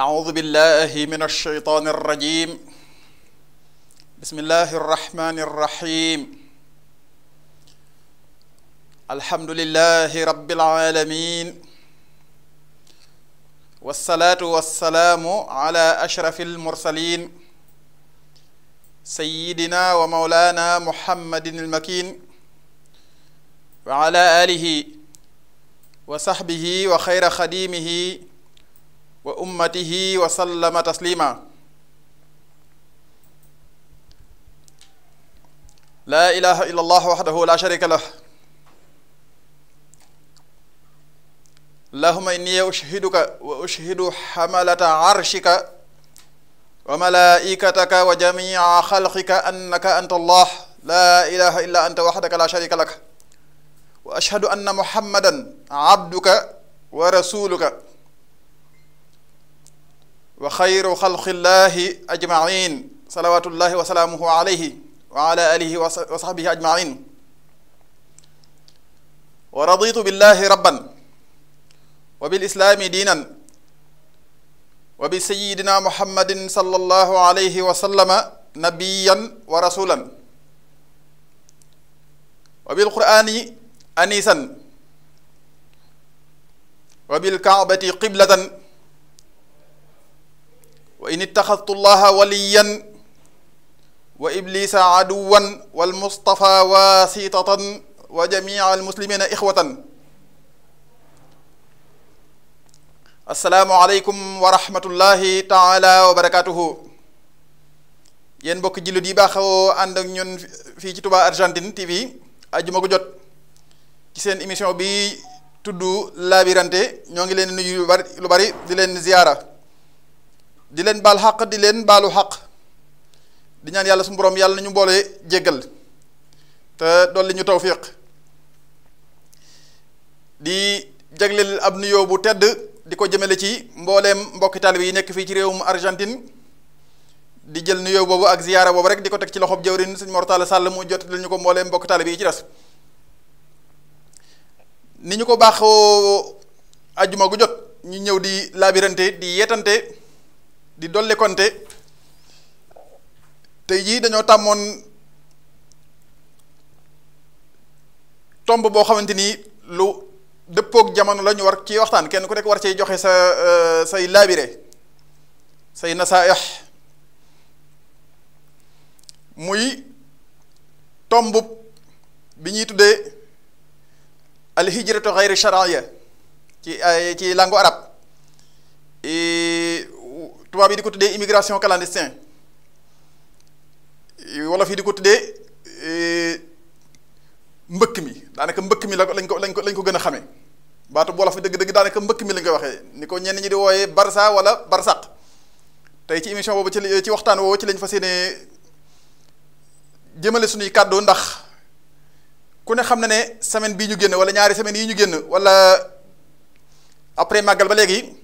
أعوذ بالله من الشيطان الرجيم بسم الله الرحمن الرحيم الحمد لله رب العالمين والصلاة والسلام على أشرف المرسلين سيدنا ومولانا محمد المكين وعلى آله وصحبه وخير خديمه wa ummatihi wa sallama taslima laa ilaha illa allah waxdahu la sharika lah allahuma inni ushhiduka wa ushhidu xamalata arshika wa malaikataka wa jamica xalqika annaka anta allah laa ilaha illa anta waxdaka la sharika lak wa ashhadu anna muhammadan abduka wa rasuluka wa xayru xalqillahi ajmain salawatullahi wa salaamuhu alayhi wa ala alihi wa sahbihi ajmain wa raditu billahi rabban wa bil islaami diinan wa bi sayidina muhammadin sallallahu alayhi wa sallama nabiyan wa rasulan wa bil qur'ani anisan wa bil kaabati qiblatan wa in ittaxadtu llaha waliyan wa iblisa aduwan wal mustafa wasitatan wa jamia al ixwatan assalaamu aleykum wa taala wa barakatuhu yéen mbokk jullit yi baaxoo ànd ak fii ci Touba Argentine TV ajjuma ko jot ci seen émission bi tudd Labirante ñoo ngi leen nuyu lu lu bari di leen ziyaara di leen baal xaq di leen baalu xaq di ñaan yàlla su boroom yàlla na ñu mboolee jéggal te dolli ñu tawfiq di jagleel ab nuyoo bu tedd di ko jëmale ci mbooleem mbokki taalibe yi nekk fii ci réewum Argentine di jël nuyoo boobu ak ziyaara boobu rek di ko teg ci loxob jëwrin sëñ Mor Talla Sall mu jot ñu ko mbooleem mbokki taalibe yi ci des ni ñu ko baaxoo ajjuma gu jot ñu ñëw di labirante di yeetante di dolli konte tey jii dañoo tàmmoon tomb boo xamante ni lu dëppook jamono la ñu war ci waxtaan kenn ku nekk war cee joxe sa euh, say laabire say nasaayax muy tomb bi ñuy tuddee alhijratu xayri charia ci ay ci langue arab tubaab yi di ko tuddee immigration clandestine wolof yi di ko tuddee eh, mbëkk mi daanaka mbëkk mi la ko lañ ko lañ ko lañ ko gën a xamee baatu wolof bi dëgg-dëgg daanaka mbëkk mi lañ ko waxee ni ko ñenn ñi di wooyee Barça wala Barsaq tey ci émission boobu ci ci waxtaan woowu ci lañ fas yéenee jëmale suñuy kàddu ndax ku ne xam ne ne semaine bii ñu génn wala ñaari semaines yi ñu génn walla après maggal ba léegi.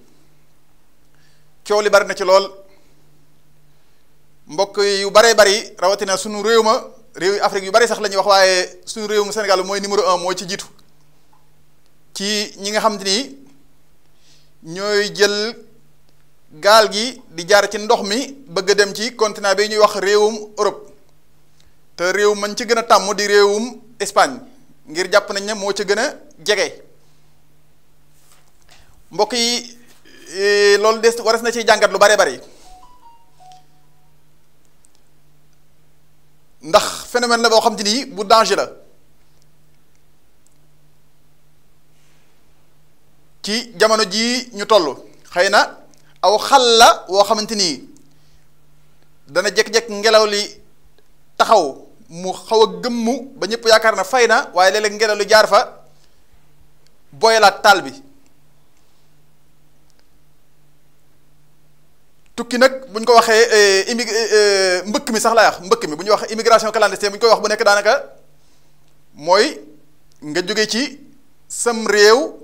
coow li bari na ci lool mbokk yu baree bari rawatina sunu réew ma réew yu Afrique yu bari sax lañuy wax waaye sunu réew mu Sénégal mooy numéro un mooy ci jiitu ci ñi nga xam ni ñooy jël gaal gi di jaar ci ndox mi bëgg a dem ci continant bi ñuy wax réewum Europe te réew man ci gën a tàmm di réewum Espagne ngir jàpp nañ na moo ci gën a jege mbokk yi. Eh, loolu des waras na ciy jàngat lu bare bari ndax phénomène la boo xam te bu danger la ci jamono jii ñu toll xëy na aw xal la woo xamante nii dana jekk-jekk ngelaw li taxaw mu xaw a gëmmu ba ñëpp yaakaar na fay na waaye léeg ngelaw li jaar fa boyalaat taal bi tukki nag bu ñu ko waxee eh, immi eh, eh, mbëkk mi sax laay wax mbëkk mi bu ñuy wax immigration clandestine bu ñu koy wax bu nekk daanaka mooy nga jóge ci sam réew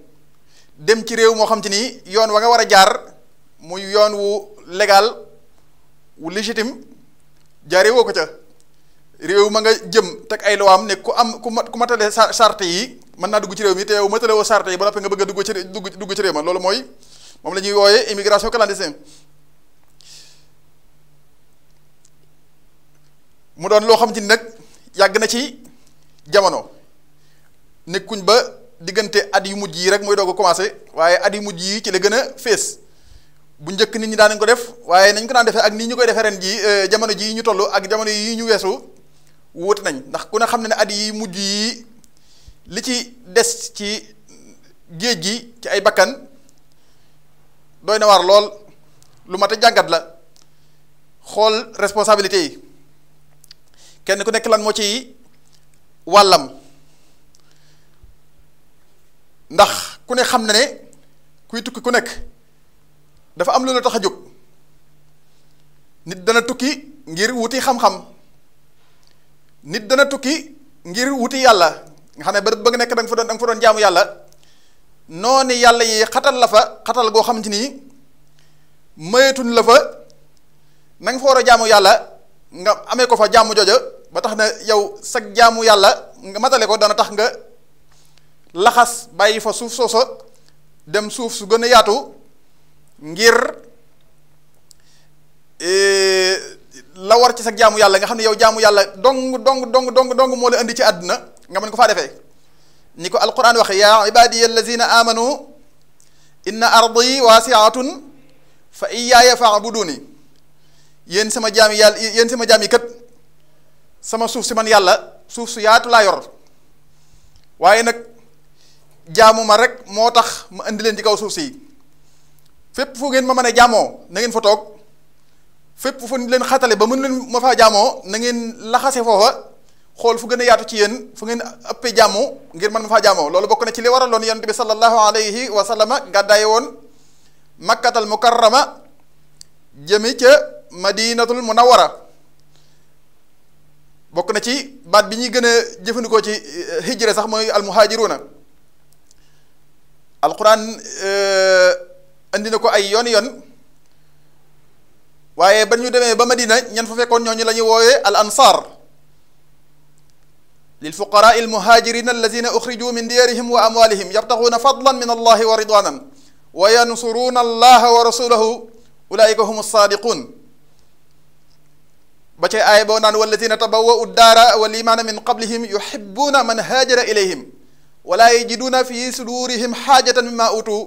dem ci réew moo xam te ni yoon wa nga war a jaar muy yoon wu legal wu légitime jaaree woo ko ca réew ma nga jëm teg ay luwaam ne ku am ku mat ku matale charte yi mën naa dugg ci réew mi te yow matale woo charte yi ba noppi nga bëgg a dugg ci dugg dugg ci réew ma loolu mooy moom la ñuy wooyee immigration clandestine. mu doon loo xam ci nag yàgg na ci jamono nekkuñ ba diggante at yu mujj yi rek mooy doog commencé waaye at yu mujj yi ci la gën a fees bu njëkk nit ñi daan nañ ko def waaye nañ ko daan defee ak nii ñu koy defee ji jii euh, jamono jii ñu toll ak jamono yi ñu weesu wuute nañ ndax ku ne xam ne ne at yi mujj yi li ci des ci géej gi ci ay bakkan doy na waar lool lu mat a jàngat la xool responsabilité yi. kenn ku nekk lan moo ci wàllam ndax ku ne xam na ne kuy tukki ku nekk dafa am lu la tax a jóg nit dana tukki ngir wuti xam-xam nit dana tukki ngir wuti yàlla nga xam ne bërëb ba nga nekk danga fa doon doon jaamu yàlla noonu yàlla yi xatal la fa xatal goo xam ci nii mayetuñ la fa na fa war a jaamu yàlla nga amee ko fa jaamu jooja ba tax na yow sag jaamu yàlla nga matale ko dana tax nga laxas bàyyi fa suuf soosa dem suuf su gën a yaatu ngir e, la war ci sag jaamu yàlla nga xam ne yow jaamu yàlla dong dong dong dong dong moo la indi ci àdduna nga mën ko faa defee ni ko alquran waxe yaa ibadiya allazina amanu inna ardi waasiatun fa iyaaya faabuduni yéen sama jaam yi yàlla yéen sama jaam yi kat sama suuf si man yàlla suuf su yaatu laa yor waaye nag jaamu ma rek moo tax ma indi leen ci kaw suuf si fépp foo ngeen ma mën a jaamoo na ngeen fa toog fépp fu leen xatale ba mën leen ma faa na ngeen laxase foofa xool fu gën a yaatu ci yéen fu ngeen ëppee jaamu ngir mën ma faa jaamoo loolu bokk na ci li waraloon yonent bi sallallahu alayhi wa sallama gàddaaye woon makkatal mukarrama jëmi ca. madinatul munawwara bokk na ci baat bi ñuy gën a jëfandikoo ci eh, hijra sax mooy almuhajiruna alquran andi eh, na ko ay yoon yoon waaye ba ñu demee ba madina ñan fa fekkoon ñooñu la ñuy woowee al ansar lil fuqaraa al muhajirina allazina uxrijuu min diyarihim wa amwalihim yabtaxuuna fadlan min allahi wa ridwanan wa yansuruuna allaha wa saadiqun ba cay aaya boo naan walladina tabawwau daara wal imaana min qablihim yuhibbuuna man haajara ilayhim wala yajiduuna fi sudurihim xaajatan mimma utu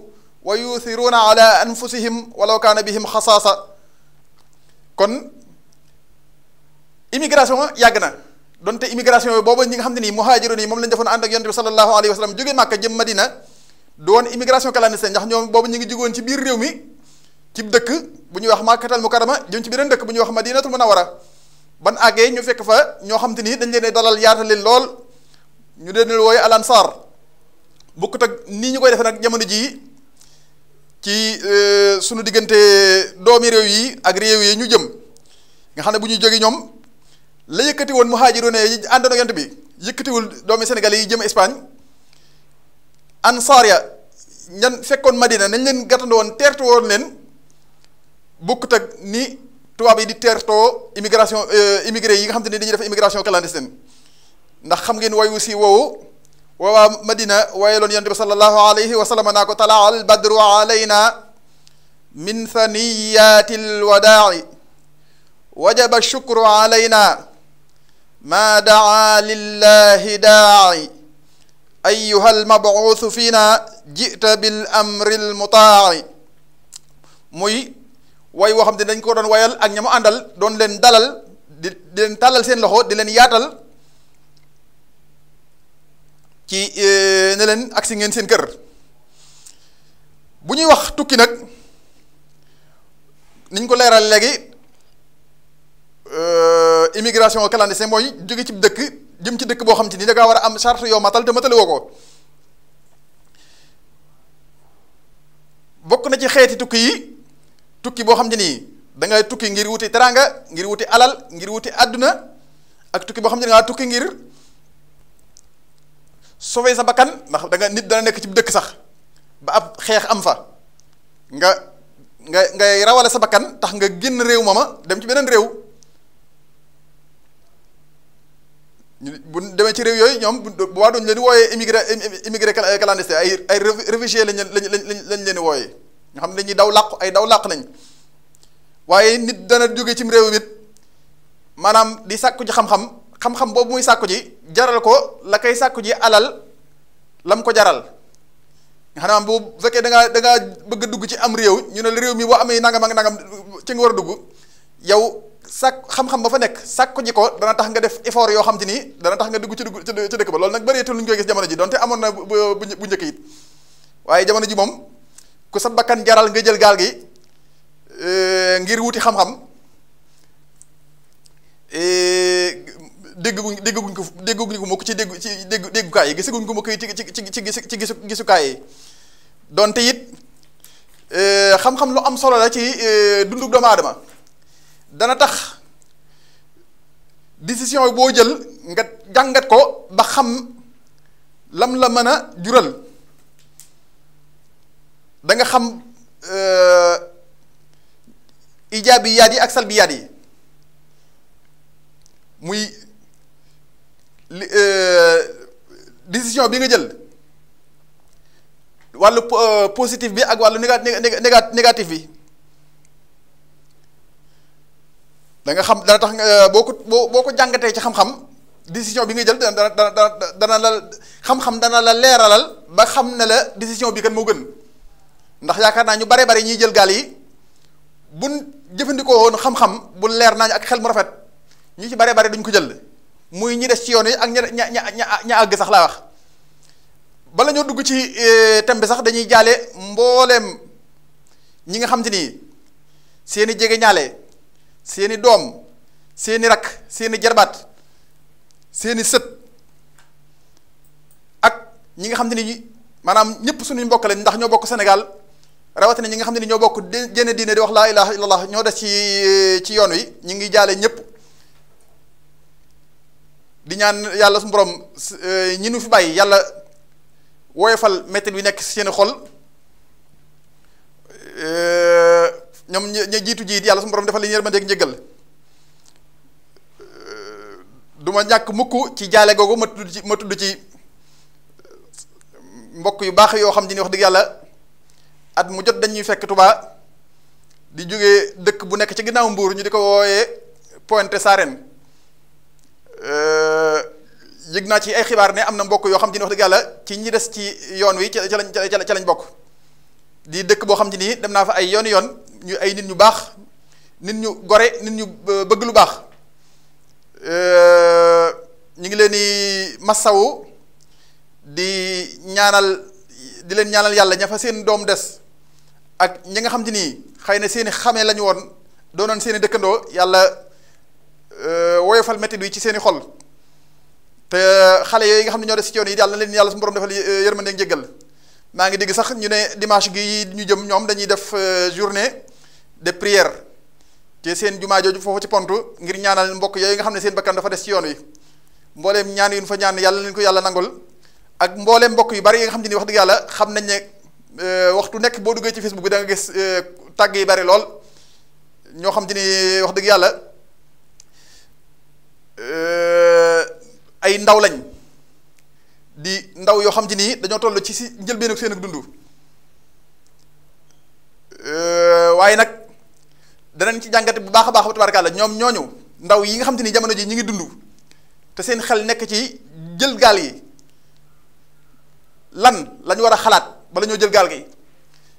wa yuuthiruuna ala anfusihim walaw kaana bihim xasaasa kon immigration yàgg na donte immigration yooyu boobu ñi nga xam ne nii muhaajiroon yi moom lañ defoon ànd ak yonte bi sallallahu alayhi wa sallam jóge a jëm Madina doon immigration clandestine ndax ñoom boobu ñu ngi jugoon ci biir réew mi cib dëkk bu ñuy wax Màkkatal Mukarrama jëm ci biiran dëkk bu ñuy wax Madinatul Munawwara ban àggee ñu fekk fa ñoo xam te ni dañ leen dalal yaatal leen lool ñu leen di wooye alansaar bukkut ak nii ñu koy defee nag jamono jii ci e, sunu diggante doomi réew yi ak réew yi ñu jëm nga xam ne bu ñuy jógee ñoom la yëkkati woon muhaajiroon yi àndoon ak yonent bi yëkkatiwul doomi Sénégal yi jëm Espagne ansaar ya ñan fekkoon Madina nañ leen gàttandu woon teertu woon leen bukkut ak ni. tubaab yi di teertoo immigration euh, immigré yi nga xam te ne dañuy def immigration clandestine ndax xam ngeen wayu si woowu waa Madina wayeloon yonent bi sallallahu alayhi wa sallam naa ko talaa al badru alayna min saniyati lwadaa'i wajaba shukru alayna ma daa lillahi daa'i ayuha almabuusu fiina jita bil amri almutaa'i muy waaye woo xam ne dañ ko doon wayal ak ña mu àndal doon leen dalal di di leen tàllal seen loxo di leen yaatal ci e, ne leen agsi ngeen seen kër bu ñuy wax tukki nag niñ ko leeral léegi e, immigration clandestine mooy jóge ci dëkk jëm ci dëkk boo xam ci ni da ngaa war a am charte yoo matal te mataliwoo ko bokk na ci xeeti tukki yi tukki boo xam ne nii dangay tukki ngir wuti teranga ngir wuti alal ngir wuti àdduna ak tukki boo xam ne da nga tukki ngir sauver sa bakkan ndax danga nga nit dana nekk ci dëkk sax ba ab xeex am fa nga ngay ngay rawale sa bakkan tax nga génn réew ma ma dem ci beneen réew bu demee ci réew yooyu ñoom bu waa doon leen wooyee immigré immigré clandestin ay ay réfugié lañ leen lañ leen lañ leen wooyee. nga xam ne dañuy daw làqu ay daw làq nañ waaye nit dana jóge cim réew it maanaam di sàkku ji xam-xam xam-xam boobu muy sàkku jaral ko la koy sàkku alal lam ko jaral nga xam ne bu fekkee da ngaa da dugg ci am réew ñu ne la réew mi boo amee nangam ak nangam ci nga war a dugg yow sàkk xam-xam ba fa nekk sàkku ji ko dana tax nga def effort yoo xam te ni dana tax nga dugg ci dugg ci dëkk ba loolu nag bëreetul lu ñu koy gis jamono ji donte amoon na bu bu njëkk it waaye jamono ji moom. ku sa bakkan jaral nga jël gaal gi e, ngir wuti xam-xam e, dégguñ dégguñ ko dégguñ ko mukk ci dégg ci dégg déggukaay yi gisaguñ ko mukk ci ci ci ci ci gisu gisukaay yi donte it e, xam-xam lu am solo la ci dundu doomu aadama dana tax décision boo jël nga jàngat ko ba xam lam la mën a jural. da nga xam euh, ijaabiyaat yi ak salbiyaat yi muy li euh, décision bi nga jël wàllu euh, positif bi ak wàllu néga néga négatif bi da nga xam dana tax nga boo ko boo ko jàngatee ci xam-xam décision bi nga jël dana dana dana la xam-xam dana la leeralal ba xam ne la décision bi kan moo gën. ndax yaakaar naa ñu bare bare ñiy jël gaal yi buñ jëfandikoo woon xam-xam bu leer nañu ak xel mu rafet ñi ci bare bare duñ ko jël muy ñi des ci yoon yi ak ña ña ña ña àgg sax laa wax bala ñoo dugg ci e, thème bi dañuy jaale mbooleem ñi nga xam ni seen i jege doom seen i rakk jarbaat seen i ak ñi nga xam te ni maanaam ñëpp suñu mbokk lañ ndax ñoo bokk Sénégal. rawatina ñi nga xam ne ni ñoo bokk di jënd diine di wax laa ilaha illallah ñoo des ci eh, ci yoon wi ñu ngi jaale ñëpp di ñaan yàlla su borom eh, ñi nu fi bàyyi yàlla woyofal mettit wi nekk seeni xol eh, ñoom ña jiitu jiit yàlla su borom defal li ñu yërmande ak njëgal ñàkk mukk ci jaale googu ma tudd ci ma tudd ci mbokk yu baax yoo xam ne ni wax dëgg yàlla. at mu jot dañuy fekk Touba di jóge dëkk bu nekk ci ginnaaw Mbuur ñu di ko wooyee Pointe Sarène euh, yëg naa ci ay xibaar ne am na mbokk yoo xam ne wax dëgg yàlla ci ñi des ci yoon wi ca lañ ca lañ bokk di dëkk boo xam ne nii dem naa fa ay yoon yoon ñu ay nit ñu baax nit ñu gore nit ñu bëgg lu baax euh, ñu ngi leen di massawu di ñaanal di leen ñaanal yàlla ña fa seen doom des. ak ñi nga xam te ni xëy na seeni i xamee la ñu woon doonoon seen i dëkkandoo yàlla euh, woyofal métti yi ci seen i xol te xale yooyu nga xam ne ñoo des ci yi yàlla leen yàlla su borom defal euh, yërmande ak jéggal maa ngi dégg sax ñu ne dimanche gi ñu jëm ñoom dañuy def euh, de prière ci seen jumaa jooju foofu ci pont ngir ñaanal mbokk yooyu nga xam ne seen bakkan dafa des ci yoon wi mbooleem ñaan yu ñu fa ñaan yàlla leen ko yàlla nangul ak mbooleem mbokk yu bari yi nga xam ne wax dëgg yàlla xam nañ ne Euh, waxtu nekk boo duggee ci Facebook bi da nga gis euh, tàgg yi bari lool ñoo xam te ni wax dëgg yàlla euh, ay ndaw lañ di ndaw yoo xam te ni dañoo toll ci si njëlbeen ak seen ak dund waaye nag danañ ci jàngate bu baax a baax tabaarkalla ñoom ñooñu ndaw yi nga xam te ni jamono ji ñu ngi dund te seen xel nekk ci jël gaal yi lan lañu war a xalaat. bala ñoo jël gaal gi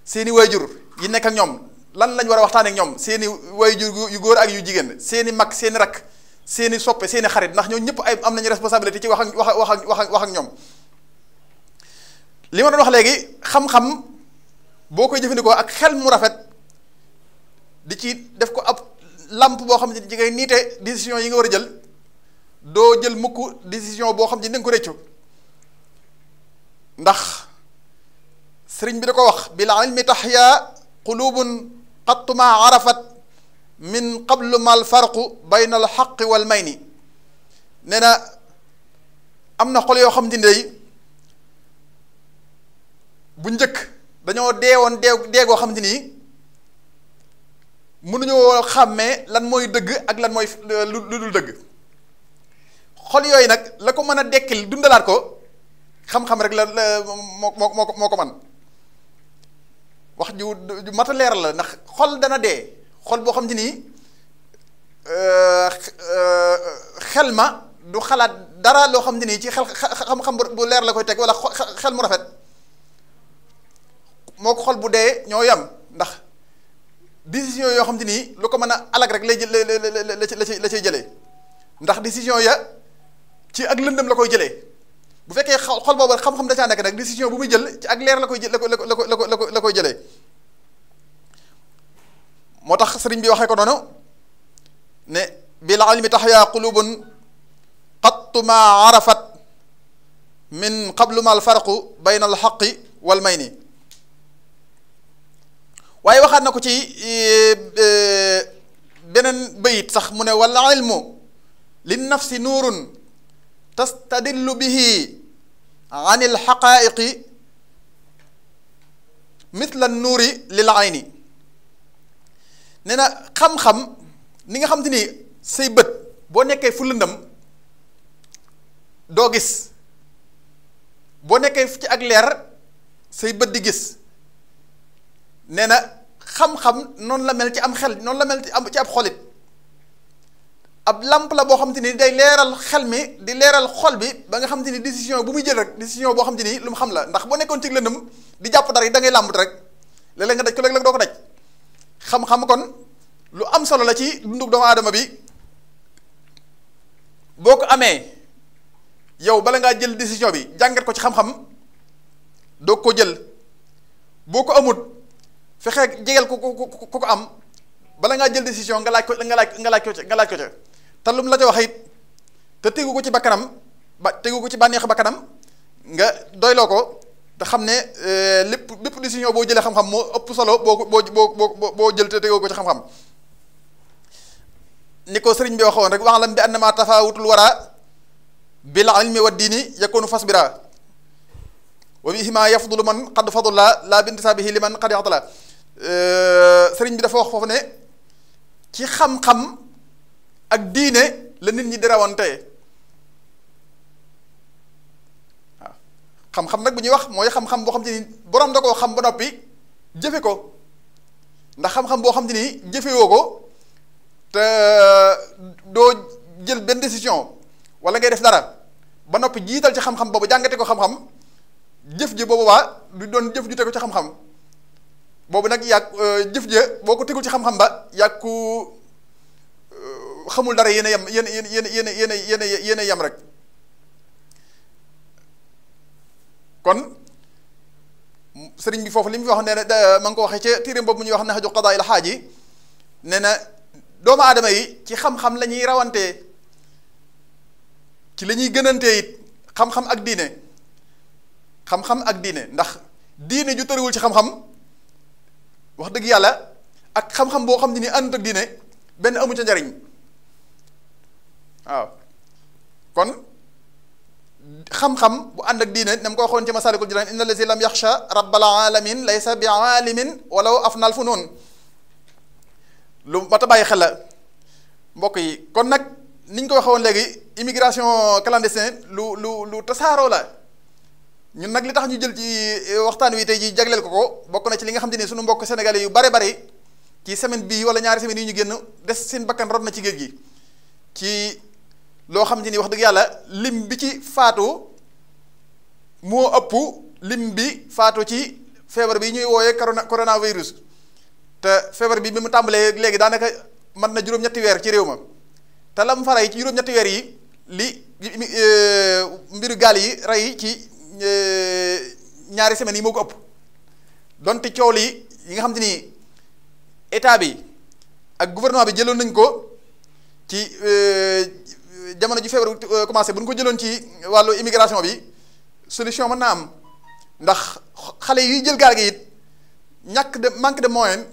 seeni waajur yi nekk ak ñoom lan lañ war a waxtaan ñoom seeni waajur yu góor ak yu jigéen seeni mag seeni rakk seeni soppe seeni xarit ndax ñoo ñëpp ay am nañu responsabilité ci wax ak wax ak wax ak wax ak ñoom li ma doon wax léegi xam-xam boo koy jëfandikoo ak xel mu rafet di ci def ko ab lampe boo xam ne ci ngay niite décision yi nga war a jël doo jël mukk décision boo xam ne danga ko réccu ndax sëriñ bi da ko wax bil tax taxya qulubun qattu maa arafat min qablu mal farqu bayna al xaqi wal mayni nee na am na xol yoo xam ne ndey bu njëkk dañoo deewoon dee deegoo xam ne nii mënuñoo xàmmee lan mooy dëgg ak lan mooy euh, lu dul dëgg xol yooyu nag la ko mën a dekkil dundalaat ko xam-xam rek la moo moo moo ko man wax ju ju mat a leeral la ndax xol dana dee xol boo xam te nii xel ma du xalaat dara loo xam te nii ci xel xam-xam bu leer la koy teg wala xel mu rafet moo ko xol bu dee ñoo yam ndax décision yoo xam te nii lu ko mën a alag rek lay la la la la la cay jëlee ndax décision ya ci ak lëndëm la koy jëlee bu fekkee xol boobu xam-xam da caa nekk nag décision bu muy jël ci ak leer la koy jël la ko la ko la ko la koy jëlee moo tax sëriñ bi waxee ko noonu ne bil ilmi taxyaa qulubun qattu ma arafat min qablu ma alfarqu bayna alxaqi wal mayni waaye waxaat na ko ci e, e, beneen bayit sax mu ne wal ilmu lin nafsi nuurun tastadillu bihi an ilxaqaiqi mithla nuuri lil ayni nee na xam-xam ni nga xam te ni say bët boo nekkee fu lëndëm doo gis boo nekkee ci ak leer say bët di gis nee na xam-xam noonu la mel ci am xel noonu la mel ci am ci ab xolit ab lamp la boo xam te ni day leeral xel mi di leeral xol bi ba nga xam te ni décision bu muy jël rek décision boo xam te ni lu mu xam la ndax boo nekkoon ci lëndëm di jàpp dara yi da ngay rek léeg nga daj ko léeg-léeg doo ko daj xam-xam lu am solo la ci dundu doomu aadama bi boo ko amee yow bala ngaa jël décision bi jàngat ko ci xam-xam doo ko jël boo ko amut fexe jegeel ko ko ko ko am bala ngaa jël décision nga laaj ko nga laaj nga ko ca nga laaj ko ca. te la ca wax it te tegu ko ci bakkanam ba tegu ko ci bànneexu bakkanam nga doyloo ko te xam ne eh, lépp lépp décision boo jëlee xam-xam moo ëpp solo boo ko boo boo boo jël te ko ci xam ko sëriñ bi waxoon rek waxalam bi annama laa wara bil ilmi wa diini yakunu fasbira wa bihima yafdulu man qad fadula la bintisabihi liman qad yaxtala eh, sëriñ bi dafa wax foofu ne ci xam-xam ak diine la nit ñi di rawantee waaw xam-xam nag bu ñuy wax mooy xam-xam boo xam te ni borom da koo xam ba noppi jëfe ko ndax xam-xam boo xam te ni jëfewoo ko te euh, doo jël benn décision wala ngay def dara ba noppi jiital ci xam boobu jàngate ko xam-xam jëf ji boobu waa du doon jëf ju tegu ci xam-xam boobu nag yàgg euh, jëf ja boo ko tegul ci xam-xam ba yàgg ku xamul dara yéen a yem yéen yéen yéen yéen yéen yéen yem rek kon sëriñ bi foofu li mu wax nee na ma ngi ko waxee ca tirim boobu ñuy wax nax ju qadaayil xaaj yi nee na doomu aadama yi ci xam-xam la ñuy rawantee ci la ñuy gënantee it xam-xam ak diine xam-xam ak diine ndax diine ju tëriwul ci xam-xam wax dëgg yàlla ak xam-xam boo xam ne ni ànd ak diine benn amu ca njariñ waaw kon xam-xam bu ànd ak diine na mu ko waxoon ci masaalikul jinaan inna allazi lam yaxsha rabbal alamin laysa bi alimin walaw afnal funun lu mat a bàyyi xel la mbokk yi kon nag ni ñu ko waxee woon léegi immigration clandestine lu lu lu tasaaroo la ñun nag li tax ñu jël ci eh, waxtaan wi tey ji jagleel ko ko bokk na ci li nga xam te ni suñu mbokk sénégalais yu bare bare ci semaine bii wala ñaari semaine yi ñu génn des seen bakkan rot na ci géej gi ci loo xam ne ni wax dëgg yàlla lim bi ci faatu moo ëpp lim bi faatu ci feebar bi ñuy wooyee corona coronavirus te feebar bi bi mu tàmbalee léegi daanaka mën na juróom-ñetti weer ci réew ma te lam fa rey ci juróom-ñetti weer yi li e, mbiru gaal yi rey ci e, ñaari semaines yi moo ko ëpp donte coow li yi nga xam te ni état bi ak gouvernement bi jëloon nañ ko ci. E, jamono ji feebar euh, commencé bu ñu ko jëloon ci wàllu immigration bi solution mën naa am ndax xale yuy jël gaal gi it ñàkk de mànk de moyen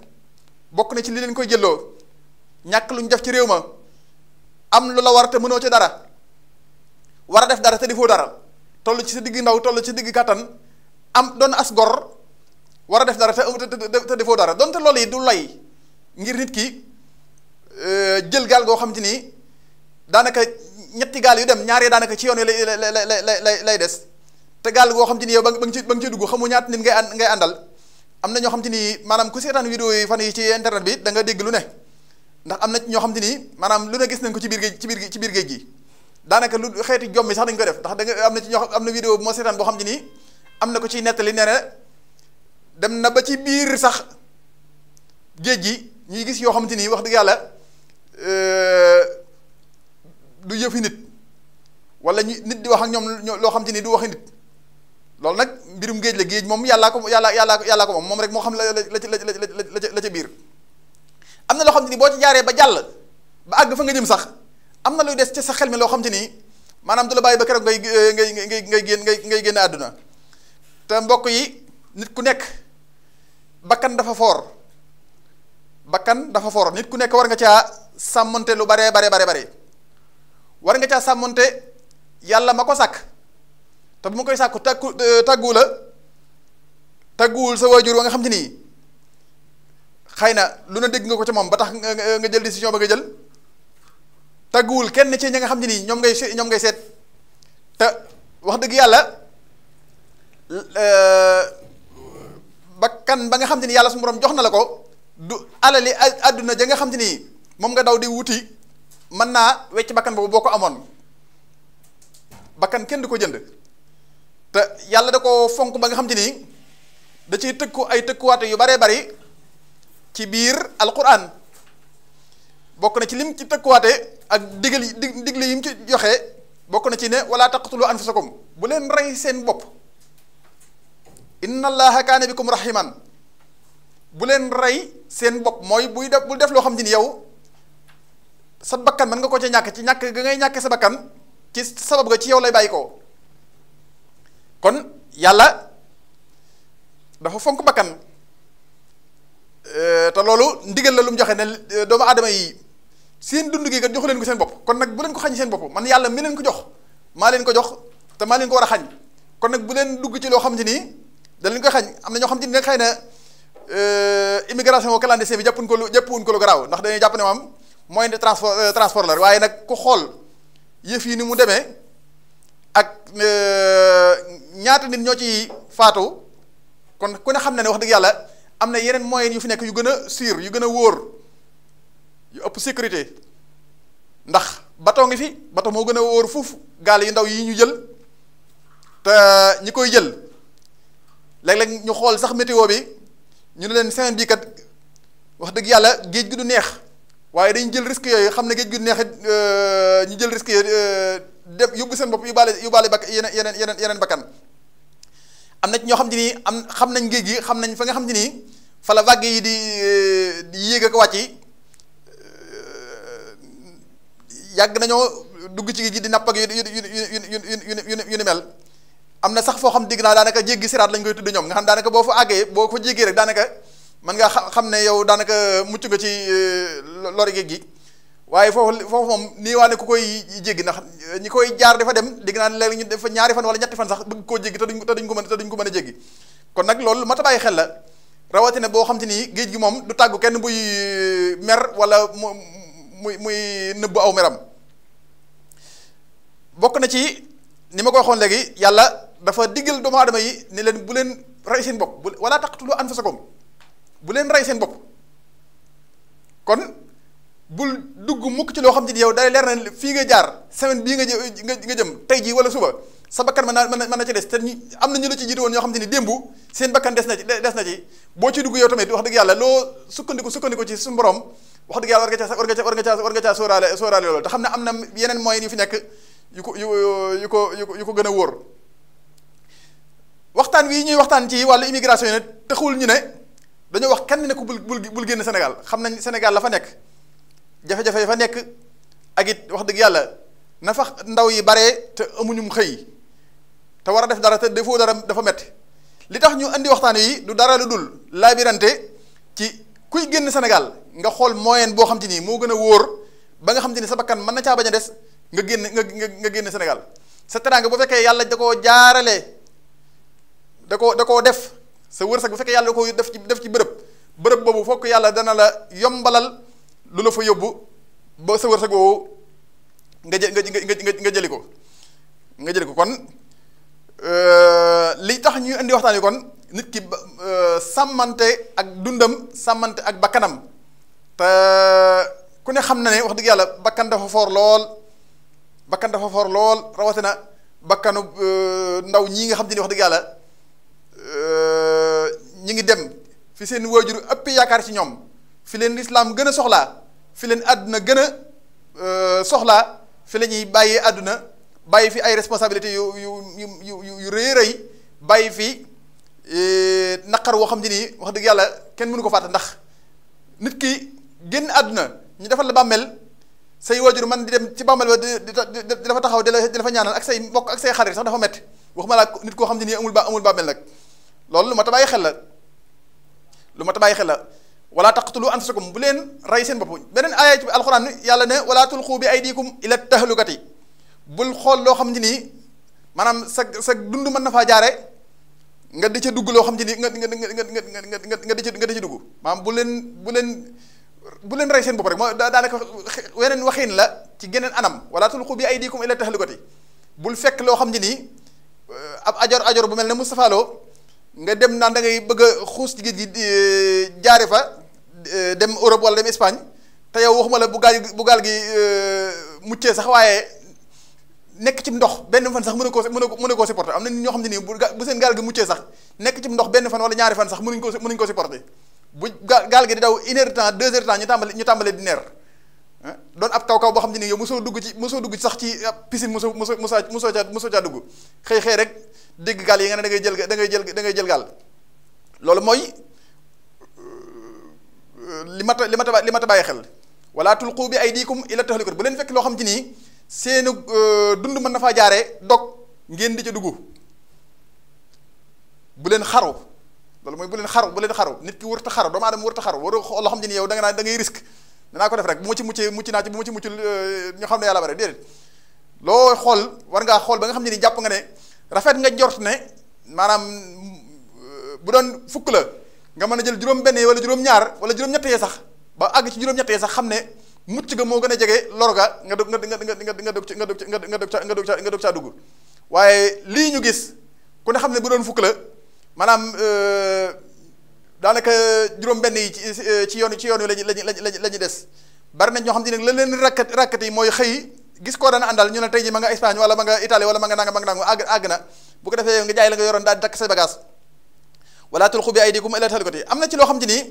bokk na ci li leen koy jëloo ñàkk lu ñu def ci réew ma am lu la war te mënoo ci dara war a def dara te defoo dara toll ci sa digg ndaw toll ci digg kàttan am doon as gor war a def dara te te defoo dara donte lool yi du lay ngir nit ki euh, jël gaal goo xam ci nii daanaka ñetti gaal yu dem ñaaree daanaka ci yoon wi lay lay lay lay des te gaal goo xam te ni yow ba nga ci ba nga ci dugg xamu ñaata nit ngay ngay àndal am na ñoo xam ni maanaam ku seetaan vidéo yi fan yi ci internet bi da nga dégg lu ne ndax am na ñoo xam ni maanaam lu ne gis nañ ko ci biir géej ci biir ci biir géej gi daanaka lu xeeti jom mi sax dañ ko def ndax da nga am na ci ñoo am na vidéo bu ma seetaan boo xam te ni am na ko ciy nettali nee na dem na ba ci biir sax géej gi ñuy gis yoo xam te ni wax dëgg yàlla. Euh, du yëfi nit wala ñu nit di wax ak ñoom loo xam ci ni du waxi nit loolu nag mbirum géej la géej moom yàllaa ko yàllaa yàllaa ko yàllaa ko moom moom rek moo xam la la la ca la ca biir am na loo xam ci ni boo ci jaaree ba jàll ba àgg fa nga jëm sax am na luy des ci sa xel mi loo xam ci ni maanaam du la bàyyi ba keroog ngay eh, ngay ngay ngay génn ngay ngay génn àdduna te mbokk yi nit ku nekk bakkan dafa foor bakkan dafa foor nit ku nekk war nga caa sàmmante lu baree bare bare bare war nga caa sàmmonte yàlla ma ko sàkk te bu ma koy sàkku tàkku euh, tagguwula la tàgguwul sa waajur wa nga xam te nii xëy na lu na dégg nga ko ca moom ba tax nga jël décision ba nga jël tàgguwul kenn ci ñi nga xam te nii ñoom ngay ñoom ngay seet te wax dëgg yàlla euh, ba kan ba nga xam te ni yàlla su borom jox na la ko du alali àdduna ja nga xam te nii moom nga daw di wuti mën naa wecc bakkan boobu boo ko amoon bakkan kenn di ko jënd te yàlla da ko fonk ba nga xam te nii da ciy tëkku ay tëkkuwaate yu baree bari ci biir alquran bokk na ci lim ci tëkkuwaate ak digal digle yi mu ci joxe bokk na ci ne wala taqtulu anfusakum bu leen rey seen bopp inna allaha kaana bikum rahiman bu leen rey seen bopp mooy buy def bul def loo xam te ni yow sa bakkan mën nga ko ca ñàkk ci ñàkk ga ngay ñàkk sa bakkan ci sabab ga ci yow lay bàyyi ko kon yàlla dafa fonk bakkan euh, te loolu ndigal la lu mu joxe ne euh, doomu aadama yi seen dund gi kat joxu leen ko seen bopp kon nag bu leen ko xañ seen bopp man yàlla mi leen ko jox maa leen ko jox te maa leen ko war a xañ kon nag bu leen dugg ci loo xamante ni da leen koy xañ am na ñoo xamante ni nag xëy na euh, immigration clandestine bi jàppuñ ko lu jàppuñ ko lu garaaw ndax dañuy jàpp ne mooy ne euh, transport transport la waaye nag ku xool yëf yi ni mu demee ak euh, ñaata nit ñoo ci faatu kon ku ne xam na ne wax dëgg yàlla am na yeneen moyens yu fi nekk yu gën a siir yu gën a wóor yu ëpp sécurité ndax bato ngi fi bato moo gën a wóor fuuf gaal yu ndaw yi ñu jël te euh, ñi koy jël léeg-léeg ñu xool sax météo bi ñu ne leen semaine bii kat wax dëgg yàlla géej gi du neex. waaye dañ jël risque yooyu xam na géej gu neexit euh, ñu jël risque yooyu euh, dem yóbbu seen bopp yóbbaale yóbbaale bakk yeneen yeneen yeneen yeneen bakkan am na ñoo xam te nii am xam nañ géej gi xam nañ fa nga xam te nii fa la vague yi di euh, di yéeg ak wàcc yi yàgg nañoo dugg ci géej gi di napp ak yu yu yu yu yu ni mel am na sax foo xam digg naa daanaka jéggi siraat lañ koy tudd ñoom nga xam daanaka boo fa àggee boo ko jéggee rek daanaka. man nga xam ne yow daanaka mucc nga ci euh, lori géej gi waaye foofu foofu moom nii waa ne ku koy jéggi ndax ñi koy jaar dafa dem dégg naa léegi ñu def ñaari fan wala ñetti fan sax bëgg koo jéggi te duñ te duñ ko mën te a jéggi kon nag loolu mat a bàyyi xel la rawatina boo xam te ni géej gi moom du tàggu kenn buy euh, mer wala mu muy muy nëbbu aw meram bokk na ci ni ma koy waxoon léegi yàlla dafa diggal doomu adama yi ne leen bu leen rey seen bopp wala taqtulu anfusakum bu leen rey seen bopp kon bul dugg mukk ci loo xam ne yow day leer na fii nga jaar semaine bii nga nga jëm tey jii wala suba sa bakkan mën naa mën na ci des te ñu am na ñu la ci jiitu woon ñoo xam ne démb seen bakkan des na ci des na ci boo ci dugg yow tamit wax dëgg yàlla loo sukkandiku sukkandiku ci suñu borom wax dëgg yàlla war nga caa war nga caa war nga loolu te xam ne am na yeneen moyens yu fi nekk yu ko yu yu ko yu ko gën a wóor waxtaan wi ñuy waxtaan ci wàllu immigration nag taxul ñu ne. dañoo wax kenn ne ko bul bul bul génn Sénégal xam nañ Sénégal la fa nekk jafe-jafe ya fa nekk ak it wax dëgg yàlla na fa ndaw yi bare te amuñum xëy te war a def dara te defoo dara dafa metti li tax ñu indi waxtaan yi du dara lu dul laabirante ci kuy génn senegal nga xool moyen boo xam te ni moo gën a wóor ba nga xam te ni sa bakkan mën na caa bañ a des nga génn nga nga génn Sénégal sa teraanga bu fekkee yàlla da koo jaarale da ko da koo def. sa wërsëg bu fekkee yàlla ko def ci def ci bërëb bërëb boobu fokk yàlla dana la yombalal lu la fa yóbbu ba sa wërsëg boobu nga jë nga nga nga jëli ko nga jëli ko kon euh, li tax ñuy indi waxtaan wi kon nit ki euh, sàmmante ak dundam sàmmante ak bakkanam te ku ne xam na ne wax dëgg yàlla bakkan dafa foor lool bakkan dafa lool lool na bakkanu euh, ndaw ñii nga xam te wax dëgg yàlla. ñi ngi dem fi seen waajur ëpp yaakaar ci ñoom fi leen lislaam gën a soxlaa fi leen àdduna gën a euh, soxlaa fi la ñuy bàyyi àdduna bàyyi fi ay responsabilités yu yu yu yu yu rëy rëy bàyyi fi e, naqar woo xam ne nii wax dëgg yàlla kenn mënu ko fàtte ndax nit ki génn àdduna ñu defal la bàmmeel say waajur man di dem ci bàmmeel ba di di dafa taxaw di la di la fa ñaanal ak say mbokk ak say xarit sax dafa métti waxuma laa nit koo xam ne nii amul ba amul bàmmeel nag loolu lu ma ta bàyyi xel la. lu ma ta bàyyi xel la wala an anfusakum bu leen rey seen bopp beneen aaya ci alxuraan yàlla ne wala tulqu bi aydikum ila tahlukati bul xool loo xam ne nii maanaam sa sa dund mën na faa jaare nga di dugg loo xam ne nii nga nga nga nga nga nga di ca nga leen bu leen bu leen rey seen daanaka weneen waxiin la ci geneen anam wala tulqu bi aydikum ila tahlukati bul fekk loo xam ne nii euh, ab ajoor ajoor bu mel ne Moustapha safaalo nga dem naa da ngay bëgg xuus ci géej gi eh, jaare fa eh, dem Europe wala dem Espagne te yow waxuma la bu gaal bu gaal gi eh, muccee sax waaye nekk ci ndox benn fan sax mën a koo mën a mën a koo supporté am na ñoo xam ne nii bu gaal gi muccee sax nekk ci ndox benn fan wala ñaari fan sax mënuñ ko mënuñ ko bu gaal gi di daw une heure temps deux heures temps ñu tàmbali ñu tàmbalee di neer doon ab kaw kaw boo xam ne nii yow soo dugg ci mosoo dugg ci sax ci piscine mosoo mosoo mosoo mosoo caa mosoo caa rek. dégg gaal yi nga ne da ngay jël dangay ngay jël ngay jël gaal loolu mooy li mat li mat li mat a bàyyi xel wala tulqu bi ay ila tahlikati bu leen fekk loo xam ci nii seeni euh, dund mën na jaaree dog ngeen di ca dugg bu leen xaru loolu mooy bu leen xaru bu leen xaru nit ki wërta xaru doomu aadama wërta xaru waru loo xam ci nii yow da nga naan da ngay risque danaa ko def rek bu ma ci muccee mucc naa ci bu ma ci muccul euh, ñu xam ne yàlla bare déedéet loo xool war ngaa xool ba nga xam ne ni jàpp nga ne rafet nga jort ne maanaam euh, bu doon fukk la nga mën a jël juróom-benn wala juróom-ñaar wala juróom-ñett yee sax ba àgg ci juróom-ñett yee sax xam ne mucc ga moo gën a jege lor ga nga dog nga nga nga dog nga dog nga dog nga dog nga dog caa dugg waaye lii ñu gis ku ne xam ne bu doon fukk la maanaam euh, daanaka juróom-benn yi ci ci yoon ci yoon lañu la ñu la ñu la ñu des bari nañ ñoo xam ne nag la leen rakkat rakkat yi mooy xëy. gis koo daan àndal ñu ne tey ji ma nga Espagne wala ma nga Italie wala ma nga nangam ak àgg na bu ko defee nga jaay la nga yoroon daal di takk sa bagage wala tulqu bi aydikum ila tahlukati am na ci loo xam ci nii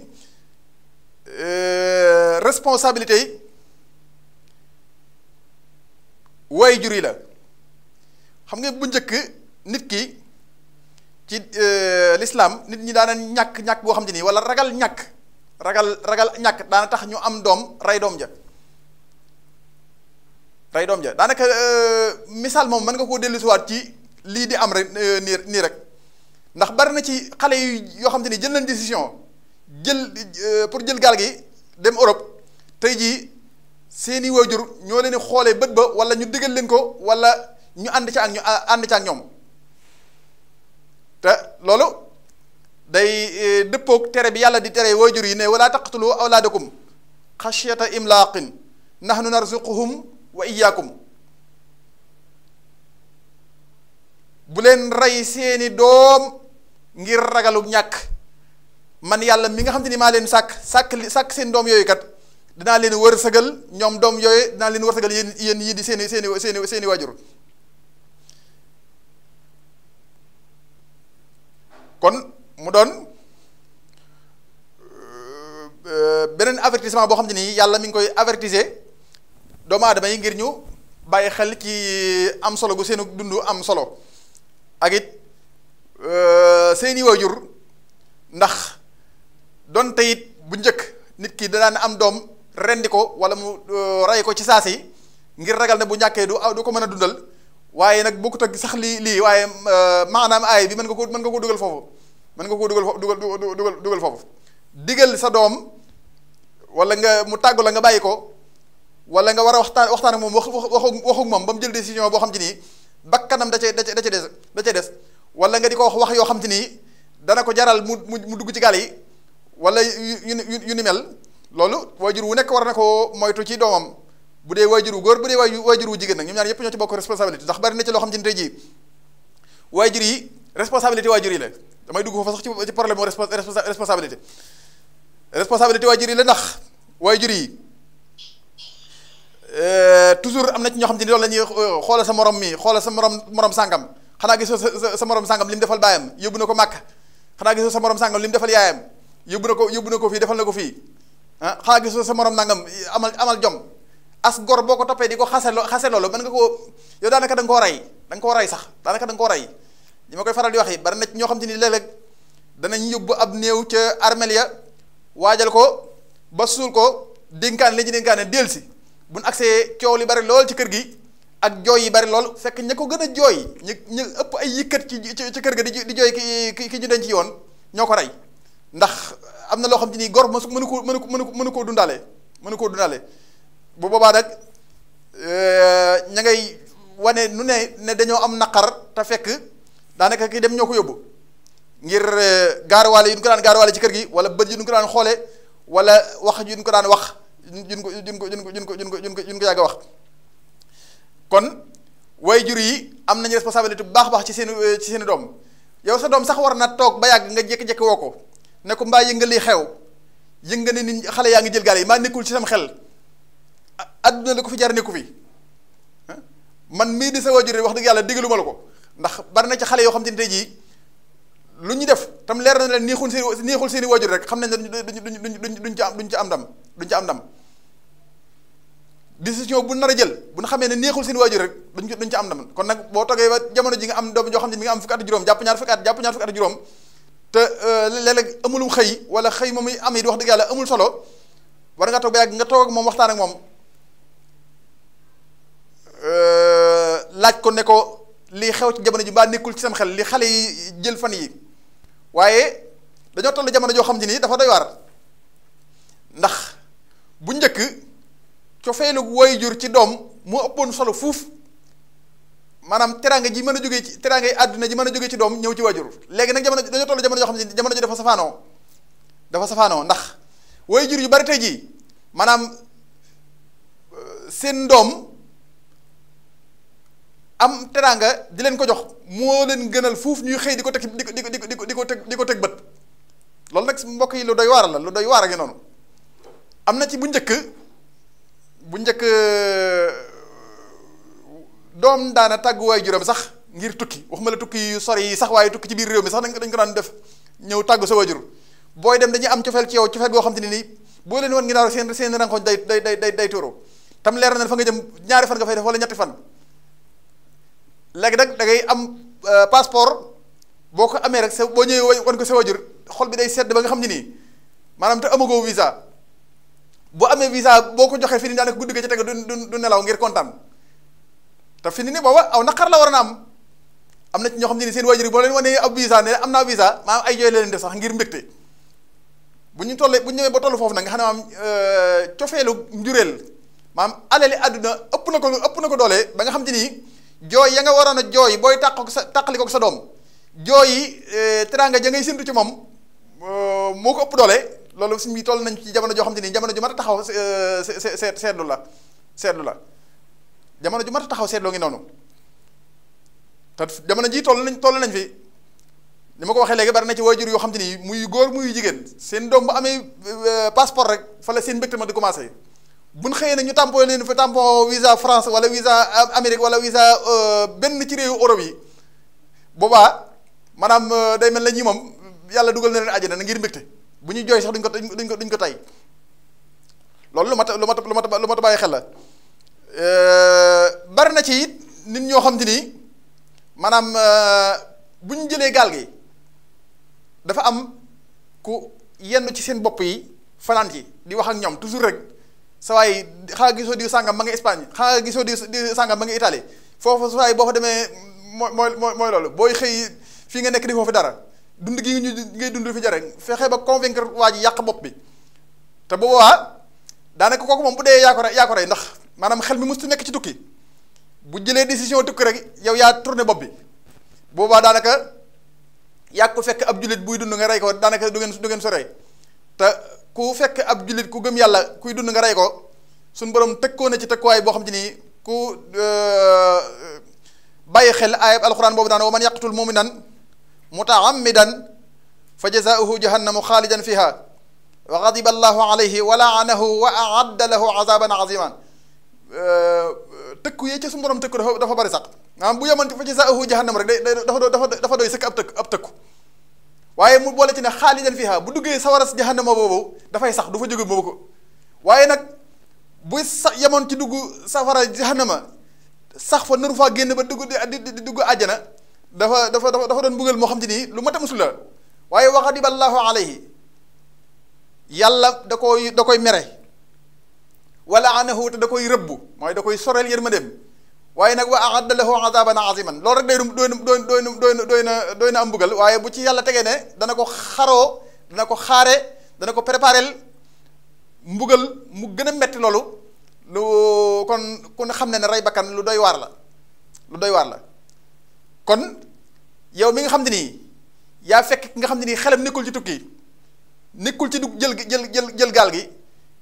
euh, la xam nga bu njëkk nit ki ci euh, lislaam nit ñi daana ñàkk ñàkk boo xam ci nii wala ragal ñàkk ragal ragal ñàkk daana tax ñu am doom rey doom ja tey doom ja daanaka euh, misaal moom mën nga koo dellusiwaat ci lii di am rek euh, nii nii rek ndax bari na ci xale yi yoo xam te ni jël nañ décision jël euh, pour jël gaal gi dem Europe tey jii seeni waajur ñoo leen di xoolee bët ba wala ñu digal leen ko wala ñu ànd ca ak ñu ànd ca ak ñoom te loolu day dëppook tere bi yàlla di tere waajur yi ne wala taqtulu awlaadakum xashyata imlaaqin nahnu narzuquhum wa iyyaakum bu leen rey seeni doom ngir ragalu ñàkk man yàlla mi nga xam te ni maa leen sàkk sàkk sàkk seen doom yooyu kat danaa leen wërsëgal ñoom doom yooyu dinaa leen wërsëgal yéen yéen yii di seeni seeni seeni seeni waajur kon mu doon euh, euh, beneen avertissement boo xam te ni yàlla mi ngi koy avertiser doomu aadama yi ngir ñu bàyyi xel ci am solo gu seenu dund am solo ak it euh, seeni waajur ndax donte it bu njëkk nit ki danaan am doom rendi ko wala mu euh, ray ko ci saas yi ngir ragal na bu ñàkkee du du ko mën a dundal waaye nag ko ak sax lii lii waaye euh, maanaam aay bi mën nga ko mën ko dugal foofu mën nga koo dugal foofu dugal dugal foofu digal sa doom wala nga mu tàggu la nga bàyyi ko wala nga war a waxtaan waxtaan ak moom wax waxu waxu moom ba mu jël décision boo xam te ni bakkanam da cee da cee da cee des da cee nga di ko wax wax yoo xam te ni dana ko jaral mu mu dugg ci gaal yi wala yu yu yu ni mel loolu waajur wu nekk war na ko moytu ci doomam bu dee waajur wu góor bu dee waajur wu jigéen nag ñoom ñaar yëpp ñoo ci bokk responsabilité ndax bari na ci loo xam te ni tey jii waajur yi responsabilité yi la damay dugg foofu sax ci problème mu responsabilité responsabilité waajur yi la ndax waajur yi. Euh, toujours am na ci ñoo xam te ni loolu la ñuy euh, xoolal sa morom mi xoolal sa morom morom sàngam xanaa gisoo sa moroom morom sàngam li mu defal baayam yóbbu na ko màkk xanaa gisoo sa morom sàngam li mu defal yaayam yóbbu na ko yóbbu na ko fii defal na ko fii ah xanaa sa morom nangam amal amal jom as gor boo ko toppee di ko xase lo xase loolu mën nga koo yow daanaka ko nga koo rey da nga koo rey sax daanaka da koy faral di wax yi bari na ci ñoo xam te ni léeg-léeg danañ yóbbu ab néew ca armel ya waajal ko ba suul ko dénkaan li ñu dénkaane si bu nu agsee li bari lool ci kër gi ak jooy yi bari lool fekk ña ko gën a jooy ñu ñu ëpp ay yëkkat ci ci kër ga di di jooy ki ki ñu denc yoon ñoo ko rey ndax am na loo xam te ni gor mësu mënu ko mënu ko mënu koo dundaale mënu koo dundaale bu boobaa nag euh, ña ngay wane nu ne ne dañoo am naqar te fekk daanaka ki dem ñoo ko yóbbu ngir euh, gaarawaale yu ñu ko daan gaarawaale ci kër gi wala bët yu ñu ko daan xoole wala wax yu ñu ko daan wax. jun ko jun ko jun ko jun ko jun ko jun ko yàgg a wax kon waajur yi am nañu responsabilité bu baax baax ci seen ci seen doom yow sa doom sax war na toog ba yàgg nga jékki-jékki woo ko ne ko mbaa yëngal li xew yëngal ni nit xale yaa ngi jël gaal yi maa nekkul ci sam xel adduna la ko fi jar nekku fi man mii di sa waajur wax dëgg yàlla digalu ma la ko ndax bari na ci xale yoo xam te ne tey jii lu ñu def tam leer na leen neexul seen neexul seen i waajur rek xam nañ ne duñ duñ duñ duñ duñ ci am duñ ci am ndam. duñ ci am ndam décision bu nar a jël bu ñu xamee ne neexul seen waajur rek duñ ci duñ ci am dama kon nag boo toggee ba jamono ji nga am doom joo xam ne mi nga am fukki at juróom jàpp ñaar fukki at jàpp ñaar fukki euh, wala xëy moom muy am yi di wax amul solo war nga toog ba nga toog ak moom waxtaan ak euh, laaj ko ne ko li xew ci jamono ji mbaa nekkul ci seen xel li xale yi jël fan yi waaye dañoo toll jamono joo xam ne nii dafa doy waar ndax njëkk cofeelu waajur ci doom moo ëppoon solo fuuf maanaam teraanga ji mën a jóge ci teraanga yi àdduna ji mën a jógee ci doom ñëw ci waajur léegi nag jamono dañoo toll jamono joo xam ne jamono ji dafa safaanoo dafa safaanoo ndax waajur yu bari tey jii maanaam seen doom am teraanga di leen ko jox moo leen gënal fuuf ñuy xëy di ko teg di ko di ko di di ko teg di ko teg bët loolu nag mbokk yi lu doy waar la lu doy waar a noonu. am na ci bu njëkk bu njëkk euh, doom daana tàggu waay juróom sax ngir tukki waxuma la tukki yu sori yi sax waaye tukki ci biir réew mi sax dañ ko daan def ñëw tàggu sa waajur boo dem dañuy am cofeel ci yow cofeel goo xam te ne nii boo leen woon ginnaaw rek seen seen rankoñ day day day day day tuuru tam leer na fa nga jëm ñaari fan nga fay def wala ñetti fan léegi nag da am euh, passeport boo ko amee rek sa boo ñëwee wan ko sa waajur xol bi day sedd ba nga xam ne nii maanaam te amagoo visa bu amee visa boo ko joxee fi ni daanaka guddi ga ci teg du nelaw ngir kontaan te fi ni ni booba aw naqar la war a am am na ci ñoo xam ne seen waajur yi boo leen wane ab visa ne am naa visa maanaam ay jooy leen def sax ngir mbégte bu ñu tollee bu ñu ñëwee ba tollu foofu nag nga xam ne maam euh, cofeelu njureel maam alali àdduna ëpp na ko ëpp na ko doole ba nga xam te ni jooy ya nga waroon a jooy booy tàq ko sa tàqali ko sa doom jooy yi euh, teraanga ja ngay séntu ci moom euh, moo ko doole. loolu suñ bi toll nañ ci jamono joo xam te ni jamono ju mat a taxaw seet seetlu la seetlu la jamono ju mat a taxaw seetloo ngi noonu te jamono ji toll nañ toll nañ fi ni ma ko waxee léegi bari na ci waajur yoo xam te ni muy góor muy jigéen seen doom bu amee euh, passeport rek fa la seen mbégte ma di commencé bu ñu xëyee na ñu tampoo leen fa tampoo visa France wala visa Amérique wala visa euh, benn ci réewu Europe yi booba maanaam euh, day mel na ñii moom yàlla dugal na leen àjjana na ngir mbégte. bu ñuy jooy sax duñ ko duñ ko duñ ko tey loolu lu mat lu mat lu mat lu mat bàyyi xel la eh, bari na ci it nit ñoo xam te ni maanaam eh, bu ñu jëlee gaal gi dafa am ku yenn ci seen bopp yi fanaan ci di wax ak ñoom toujours rek sa waay xanaa gisoo diw sàngam ma nga Espagne xanaa gisoo diw sàngam ma nga Italie foofu sa waay boo fa demee mooy mooy mooy loolu booy xëy fii nga nekk di foofu dara. dund gi ngay dund fi jare fexe ba convaincre waa ji yàq bopp bi te bu boobaa daanaka kooku moom bu dee yaa ko rey yaa ndax maanaam xel mi mustu nekk ci tukki bu jëlee décision tukki rek yow yaa tourné bopp bi boobaa daanaka yaa ko fekk ab jullit buy dund nga rey ko daanaka du su du ngeen soree te ku fekk ab jullit ku gëm yàlla kuy dund nga rey ko suñu borom tëkkoo na ci tëkkuwaay boo xam ci nii ku euh, bàyyi xel ayab alxuraan boobu daan wa man yaqtul mu'minan mutaammidan fa jazaauhu jahannamu xaalidan fiha wa gadiba allahu alayhi wa laanahu wa aadda lahu azaban aziman tëkku yee ci su borom tëkku dafa dafa bëri sax maanaam bu yemante fa jazaauhu jahannam rek day dafa do dafa dafa doy sëkk ab tëkk ab tëkku waaye mu boole ci ne xaalidan fiha bu duggee sawara si jahannama boobu dafay sax du fa jóge boobu ko waaye nag bu sa yemoon ci dugg safara jahannama sax fa naru faa génn ba dugg di di dugg àjjana dafa dafa dafa dafa doon mbugal moo xam te ni lu mat a musul la waaye waxadiba allahu alayhi yàlla da koy da koy mere wala anahu te da koy rëbb mooy da koy soreel yërmandeem waaye nag wa ahadda lahu azaban aziman loolu rek day doy na doy doy na doy na doy na am mbugal waaye bu ci yàlla tegee ne dana ko xaroo dana ko xaare dana ko préparel mbugal mu gën a metti loolu lu kon kun xam ne ne rey bakkan lu doy waar la lu doy waar la kon yow mi nga xam ne nii yaa fekk ki nga xam ne nii xelam nekkul ci tukki nekkul ci dugg jël jël jël jël gaal gi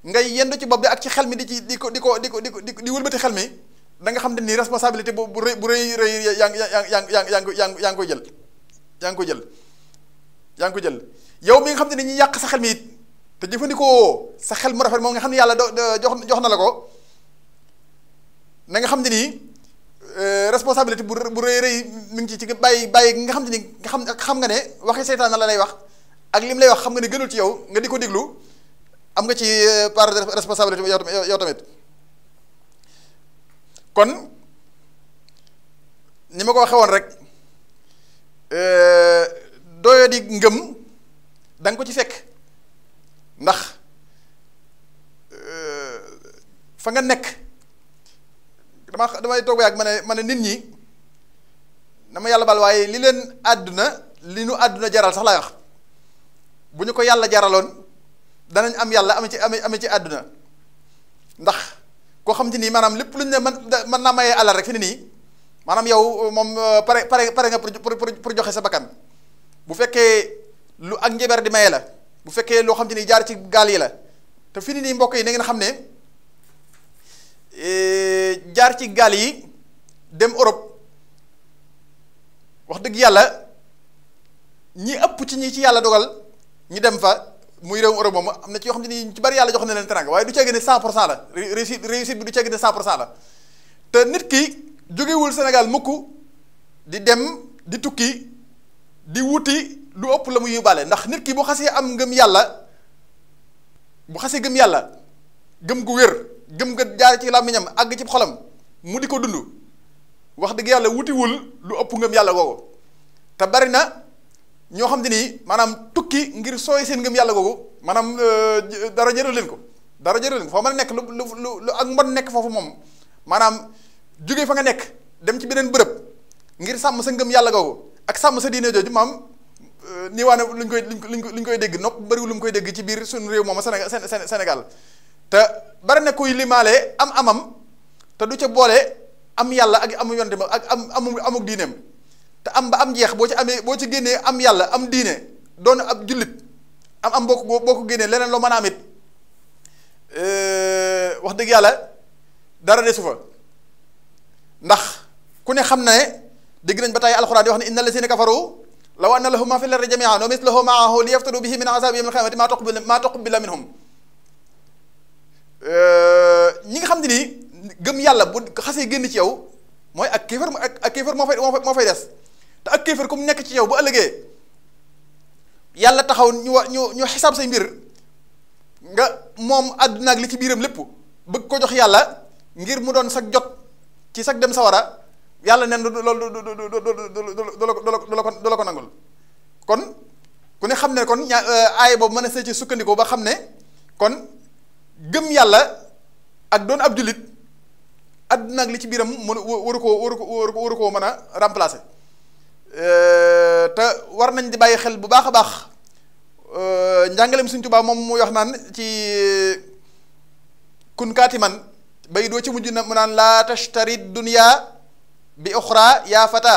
ngay yendu ci bopp bi ak ci xel mi di ci di ko di ko di ko di ko di wëlbati xel mi da xam ne nii responsabilité bu bu rëy bu rëy rëy yaa ngi yaa ngi yaa ngi yaa ngi yaa jël yaa jël yow mi nga xam ne ni ñu yàq sa xel mi it te jëfandikoo sa xel mu rafet moom nga xam ne yàlla doo jox jox na la ko nanga xam ne nii Euh, responsabilité bu bu rëy rëy mi ngi ci ci nga bàyyi bàyyi nga xam te ni nga xam xam nga ne waxi seytaan la lay wax ak lim lay wax xam nga ne gënul ci yow nga di ko déglu am nga ci euh, part de responsabilité yow tamit kon ni ma ko waxee woon rek euh, doyo di ngëm danga ko ci fekk ndax fa nga nekk dama damay toog ba yàgg ma ne ma ne nit ñi dama yàlla bal waaye li leen àdduna li ñu àdduna jaral sax laay wax bu ñu ko yàlla jaraloon danañ am yàlla am ci am ci àdduna ndax koo xam ci nii maanaam lépp lu ñu ne man mën naa mayee alal rek fi ne nii maanaam yow uh, moom uh, pare pare pare nga pour pour joxe sa bakkan bu fekkee lu ak njeber di maye la bu fekkee loo xam ci nii jaar ci gaal yi la te fi ne nii mbokk yi na ngeen xam ne. Eh, jaar ci gaal yi dem Europe wax dëgg yàlla ñi ëpp ci ñi ci yàlla dogal ñu dem fa muy réewum Europe moom am na ci yoo xam ne ni ci bari yàlla jox na leen teranga waaye du cee gën a 100 pour cent la réussite réussite bi du cee gën a pour cent la te nit ki jógewul Sénégal mukk di dem di tukki di wuti lu ëpp la muy yóbbaale ndax nit ki bu xasee am ngëm yàlla bu xasee gëm yàlla gëm gu wér. gëm nga jaar ci làmmiñam àgg ci xolam mu di ko dund wax dëgg yàlla wutiwul lu ëpp ngëm yàlla googu te bari na ñoo xam te nii maanaam tukki ngir sooy seen ngëm yàlla googu maanaam euh, dara jële leen ko dara jëral leen ko foo mën a nekk lu lu lu ak nekk foofu moom maanaam jóge fa nga nekk dem ci beneen bërëb ngir sàmm sa ngëm yàlla googu ak sàmm sa diine jooju maam euh, nii waa ne luñ koy luñ koy dégg nopp bariwul lu mu koy dégg ci biir suñu réew moom Sénégal Sénégal te bari na kuy limaale am amam te du ci boole am yàlla ak amu yonte ma ak am amul amuk diineem te am ba am jeex boo ci amee boo ci génnee am yàlla am diine doon ab jullit am am boo ko boo génnee leneen loo mën a am euh, wax dëgg yàlla dara desu fa ndax ku ne xam na ne dégg nañ ba tey alxuraan di wax ne inna lazina kafaru law anna lahum ma fi l-ardi jami'an wa mithluhu ma'ahu liyaftadu bihi min azabi yawmil qiyamati ma tuqbila minhum ñi nga xam ne nii gëm yàlla bu xasee génn ci yow mooy ak kéefar ak ak kéefar moo fay moo fay des te ak kéefar ku mu nekk ci yow bu ëllëgee yàlla taxaw ñu wa ñu ñu xisaab say mbir nga moom àdduna ak li ci biiram lépp bëgg ko jox yàlla ngir mu doon sag jot ci sag dem sawara yàlla nen du du du du du la ko du la ko nangul kon ku ne xam ne kon ña aay boobu mën a see ci sukkandiku ba xam ne kon. gëm yàlla ak doon ab jullit àdduna ak li ci biiram mën waru koo waru koo waru koo mën a remplacer euh, te war nañ di bàyyi xel bu baax a baax euh, njàngaleem Sëriñ Tuubaa moom muy wax naan ci kun kaatiman bay doo ci mujj na mu naan laa tashtari dunya bi uxra yaa fata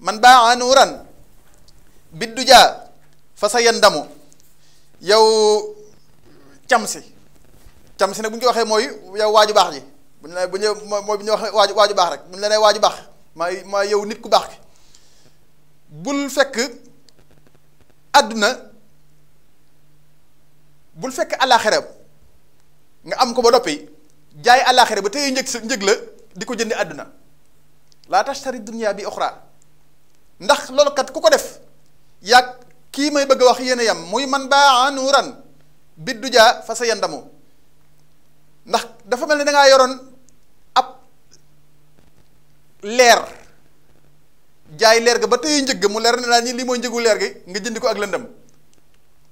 man baa anuuran biddu jaa fa sa yendamu yow camsi cam si nag bu ñu ko waxee mooy yow waaju baax ji bu ñu la bu ñu mooy bu ñu wax waaju waaju baax rek bu ñu la yow nit ku baax ki bul fekk àdduna bul fekk àllaaxira nga am ko ba noppi jaay àllaaxira ba tey njëg sa njëg la di ko jënd àdduna laa tashtari dunya bi oxra ndax loolu kat ku ko def yàgg kii may bëgg a wax yéen a yam muy man baa nuuran biddu jaa fa sa yandamu ndax dafa mel ni da yoroon ab leer jaay leer ga ba tey njëg mu leer ne daal ni lii mooy njëgu leer gi nga jëndi ko ak lëndëm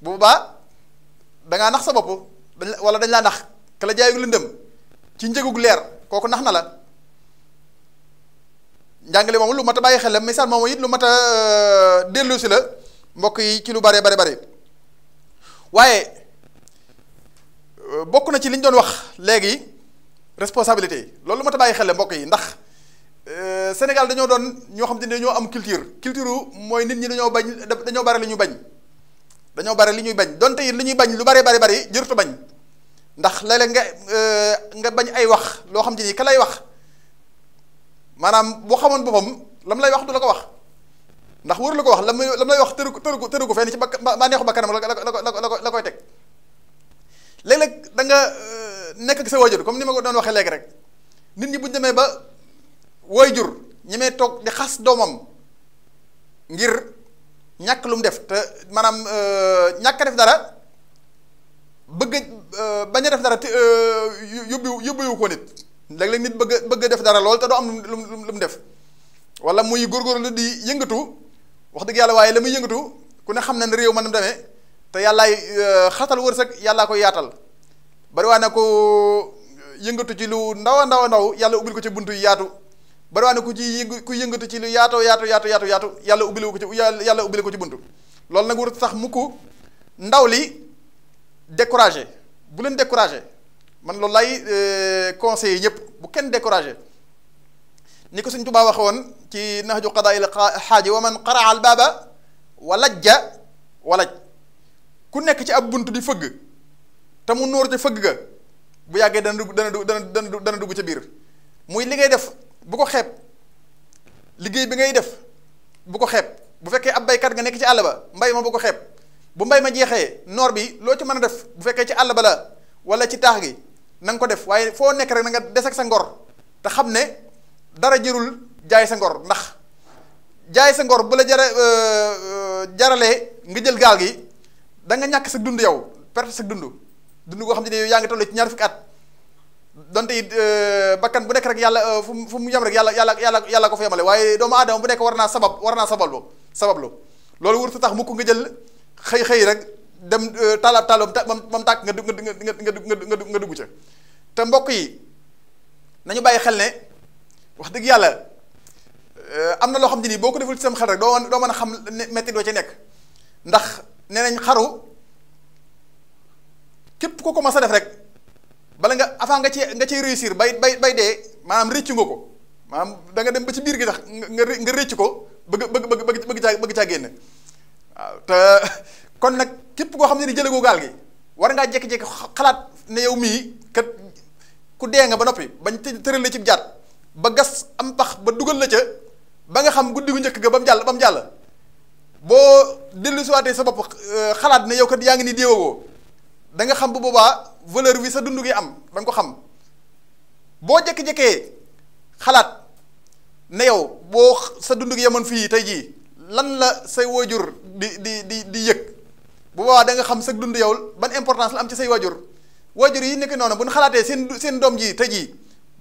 bu boobaa da nax sa bopp dañ wala dañ laa nax ka la jaayu lëndëm ci njëgug leer kooku nax na la njàngale moom lu mat a bàyyi xel la misaal moomu it lu mat a euh, dellu la mbokk yi ci lu bare bare bare waaye. Euh, bokk na ci li ñu doon wax léegi responsabilité loolu ma ta bàyyi xel mbokk yi ndax euh, Sénégal dañoo doon ñoo xam te ne dañoo am culture culture mooy nit ñi dañoo bañ dañoo bare lu ñu bañ dañoo bare li ñuy bañ donte it li ñuy bañ lu bare bare bare jërtu bañ ndax léeg-léeg nga euh, nga bañ ay wax loo xam te ka lay wax maanaam boo xamoon boppam lam lay wax la ko wax ndax wër la ko wax lam lay wax tëru ko tëru ko tëru ci ba neexu ba kanam la ko la ko la koy teg. léeg-léeg da nga euh, nekk comme ni ma ko doon waxee léegi rek nit ñi bu demee ba waajur ñemee toog di xas doomam ngir ñàkk lu def te maanaam euh, ñàkk def dara bëgg euh, bañ def dara te yóbbu yóbbuwu ko nit léeg-léeg nit bëgg bëgg def dara loolu te doo am lu mu lu mu def wala muy góorgóorlu di yëngatu wax dëgg yàlla waaye la muy yëngatu ku ne xam na ne réew ma nu mu te yàllaay euh, xatal wërsëg yàllaa koy yaatal bari waa ne ko euh, yëngatu ci lu ndawa ndawa ndaw a ndaw yàlla ubbil ko ci buntu yi yaatu bari waa ku ci ku yëngatu ci yaatoo yaatu yaatu yaatu yaatu yàlla ubbil ko ci yàlla ubbil ko ci buntu loolu nag warut sax mukk ndaw li découragé bu leen découragé man loolu lay euh, conseillé ñëpp bu kenn découragé ni ko Sëñ Tuubaa waxe woon ci Nahju Qadaa'il Haaji wa man qaraa baaba wa lajja wa laj ku nekk ci ab bunt di fëgg te mu nóor ca fëgg ga bu yàggee dana dugg dana dugg dana dugg dana dugg ca biir muy li ngay def bu ko xeeb liggéey bi ngay def bu ko xeeb bu fekkee ab baykat nga nekk ci àll ba mbay ma bu ko xeeb bu mbay ma jeexee noor bi loo ci mën a def bu fekkee ci àll ba la wala ci taax gi nanga ko def waaye foo nekk rek na nga des ak sa ngor te xam ne dara jërul jaay sa ngor ndax jaay sa ngor bu la jara euh, euh, jaralee nga jël gaal gi da nga ñàkk sa dund yow perte sa dund dund goo xam ne yow yaa ngi toll ci ñaar fukki at donte it euh, bakkan bu nekk rek yàlla euh, fu mu fu mu yem rek yàlla yàlla yàlla yàlla ko fa yemale waaye doomu aadama bu nekk war naa sabab war naa sabablu sabablu loolu wurtu tax mukk nga jël xëy xëy rek dem euh, taalaab taalaam mam mam tàkk nga dugg nga nga nga nga dugg ca te mbokk yi nañu bàyyi xel ne wax dëgg yàlla am na loo xam ne nii boo ko deful ci sam xel rek doo mën doo mën a xam ne métti doo ca nekk ndax. nee nañ xaru képp ku ko mas def rek bala nga avant nga cee nga cee réussir bay bay bay dee maanaam rëccu nga ko maanaam danga dem ba ci biir gi tax nga nga rëcc ko bëgg bëgg bëgg bëgg caa bëgg caa génn waaw te kon nag képp koo xam ne ni jëlee gaal gi war ngaa jékki-jékki xalaat ne yow mii kat ku dee nga ba noppi bañ tëral la ci jaat ba gas am pax ba dugal la ca ba nga xam guddi gu njëkk ga ba mu jàll ba mu jàll boo dellu siwaatee sa bopp euh, xalaat ne yow kat yaa ngi ni déewagoo da nga xam bu boobaa valeur bi sa dund gi am da nga ko xam boo jékki-jékkee xalaat ne yow boo sa dundu gi yemoon fii tey jii lan la say waajur di di di di yëg bu boobaa da nga xam sa dund yow ban importance la am ci sa waajur waajur yi nekk noonu bu ñu xalaatee seen seen doom ji tey jii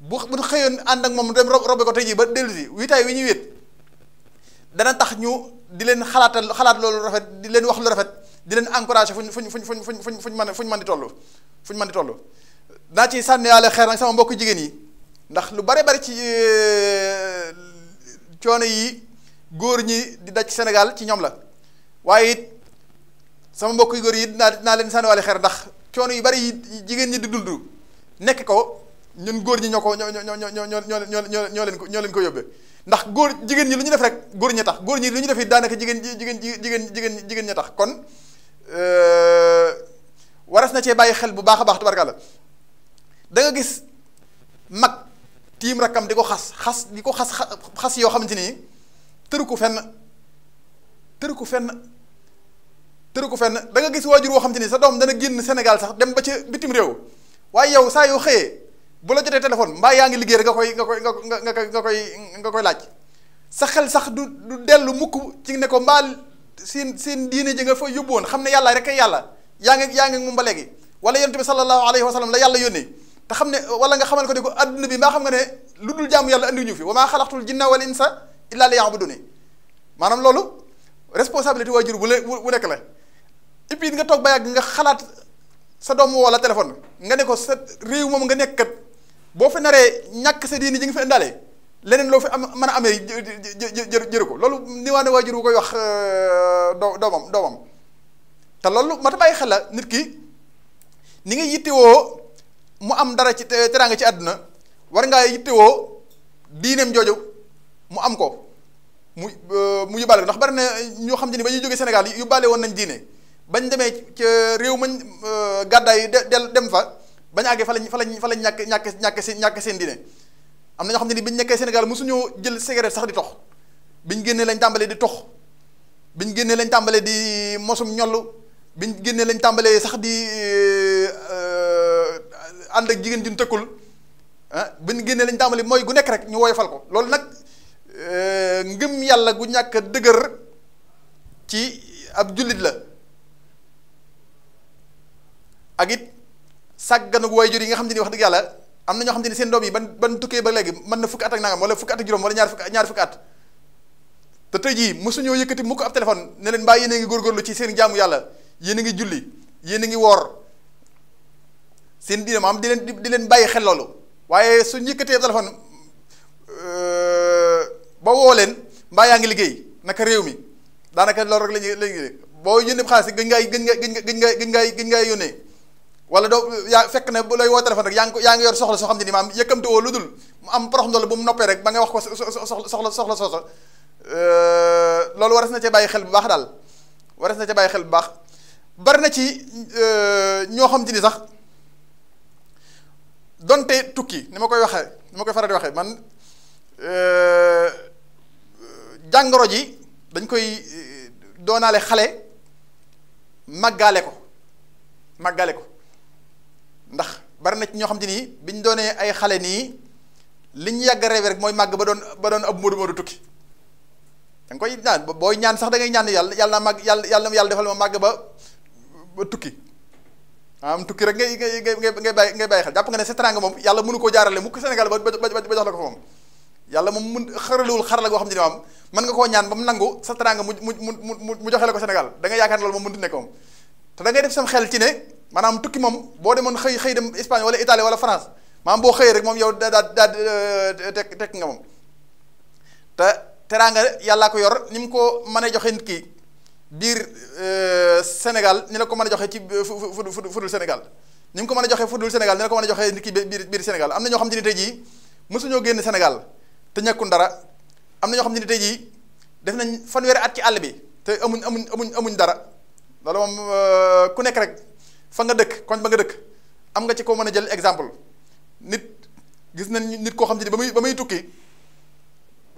bu bu xëyoon ànd ak moom dem robe ko tey jii ba dellu si wiitaay wi ñuy wét dana tax ñu di leen xalaatal xalaat loolu rafet di leen wax lu rafet di leen fu encouragé fuñ fuñ fuñ fuñ fuñ fuñ mën fuñ mën di fu fuñ mën di toll naa ci sànniwaale xeer nag sama mbokk jigéen yi ndax lu bari bari ci euh, coono yi góor ñi di daj Sénégal ci ñoom la waaye it sama mbokk góor yi dinaa dinaa leen sànniwaale xer ndax coono yu bari yi jigéen ñi di dund nekk ko ñun góor ñi ñoo ko ñoo ñoo ñoo ñoo ñoo ñoo leen ko ñoo leen ko yóbbee. ndax góor jigéen ñi lu ñu def rek góor ña tax góor ñi lu ñu def it daanaka jigéen jigéen jigéen jigéen jigéen ña tax kon euh, waras na cee bàyyi xel bu baax a baax tubarkàlla da nga gis mag tiim rakkam di ko xas xas di ko xas xas yoo xamante ni tëru ko fenn tëru ko fenn tëru ko fenn da nga gis waajur woo xamante ni sa doom dana génn Sénégal sax dem ba ca bitim réew waaye yow saa yoo xëyee. bu la jotee téléphone mbaa yaa ngi liggéey rek nga koy nga koy nga nga nga koy nga koy laaj sa xel sax du du dellu mukk ci ne ko mbaa seen seen diine ji nga fa yóbbu woon xam ne yàlla rek yàlla yaa ngi yaa ngi moom ba léegi wala yonent bi sallallahu alayhi wa sallam la yàlla yónnee te xam ne wala nga xamal ko ne ko adduna bi mbaa xam nga ne lu dul jaamu yàlla andi ñu fi wa maa xalaqtul jinna wal insa illa liya'buduni maanaam loolu responsabilité waajur bu le bu nekk la et puis nga toog ba yàgg nga xalaat sa doom wala téléphone nga ne ko sa réew moom nga nekk kat boo fi naree ñàkk sa diini ji nga fi indaale leneen loo fi am mën a amee jër jëru ko loolu ni waa ne waajur wu koy wax euh, doo doomam doomam te loolu mat a bàyyi xel la nit ki ni nga yittewoo mu am dara ci teraanga ci àdduna war ngaa yittewoo diineem jooju mu am ko mu euh, mu yóbbaale ko ndax bari na ñoo xam te ni ba ñuy jógee Sénégal yóbbaale woon nañ diine bañ demee ca réew mañ euh, gàddaay del dem fa bañ àggee fa lañ fa fa lañ ñàkk ñàkk ñàkk seen ñàkk seen diine am na xam ne ni biñ nekkee Sénégal mosuñoo jël cigarette sax di tox biñ génnee lañ tàmbalee di tox génnee lañ tàmbalee di mosum ñollu biñ génnee lañ tàmbalee sax di euh, ànd ak jigéen juñ tëkkul ah biñ génnee lañ tàmbalee mooy gu nekk rek ñu fal ko loolu nag euh, ngëm yàlla gu ñàkk dëgër ci ab jullit la ak it sàgganug waajur yi nga xam te ni wax dëgg yàlla am na ñoo xam te ni seen doom yi ba ban tukkee ba léegi mën na fukki at ak nangam wala fukki at ak juróom wala ñaar fukki ñaar fukki at te tey jii mosuñoo yëkkati mukk ab téléphone ne leen mbaa yéen ngi ngi góorgóorlu ci seen jaamu yàlla yéen ngi julli yéen a ngi woor seen diine maam di leen di leen bàyyi xel loolu waaye suñ yëkkatee téléphone euh, ba woo leen mbaa yaa ngi liggéey naka réew mi daanaka loolu rek la ñuy la ñuy boo yónnee xaalis gën ngay gën ngay gën ngay gën ngay gën ngay yónnee wala doo yaa fekk ne bu lay woo téléphone rek yaa ngi yaa ngi yor soxla soo xam ne ni maam yëkkamte woo lu dul mu am prox ndool bu mu noppee rek ba nga wax ko soxla soxla soxla soosa loolu waras na cee bàyyi xel bu baax daal waras na cee bàyyi xel bu baax bari na ci ñoo xam te ni sax donte tukki ni ma koy waxee ni ma koy faral di waxee man jàngoro ji dañ koy doonaale xale màggaale ko màggaale ko ndax bari na ci ñoo xam te nii biñ doonee ay xale nii liñ yàgg rêve rek mooy màgg ba doon ba doon ab moodu moodu tukki da nga koy ñaan booy ñaan ñaan yàlla yàlla naa yàlla yàlla yàlla defal ma ba tukki am tukki rek ngay ngay ngay ngay bàyyi ngay bàyyi xel jàpp nga ne sa teraanga moom yàlla mënu koo jaarale mukk Sénégal ba ba ba la ko xam ne moom mën nga koo ñaan ba mu nangu sa teraanga mu mu mu mu joxe la ko Sénégal da nga yaakaar loolu moom mënut nekk moom te da ngay def sam xel ci ne maanaam tukki moom boo demoon xëy xëy dem Espagne wala Italie wala France maanaam boo xëyee rek moom yow daa daa tek tekk nga moom te teraanga yàllaa ko yor ni mu ko mën a joxe nit ki biir euh, Sénégal ni la ko mën a joxe ci fu fudul Sénégal ni mu ko mën a joxe fudul Sénégal ni la ko mën a joxe nit ki biir biir Sénégal am na ñoo xam te ni tey jii mësuñoo Sénégal te ñàkkun dara am na ñoo xam te ni tey jii def nañ fanweeri at ci àll bi te amuñ amuñ amuñ amuñ dara loolu moom euh, ku nekk rek. fa nga dëkk koñ ba nga dëkk am nga ci koo mën a jël exemple nit gis nañ nit koo xam ne ba muy ba muy tukki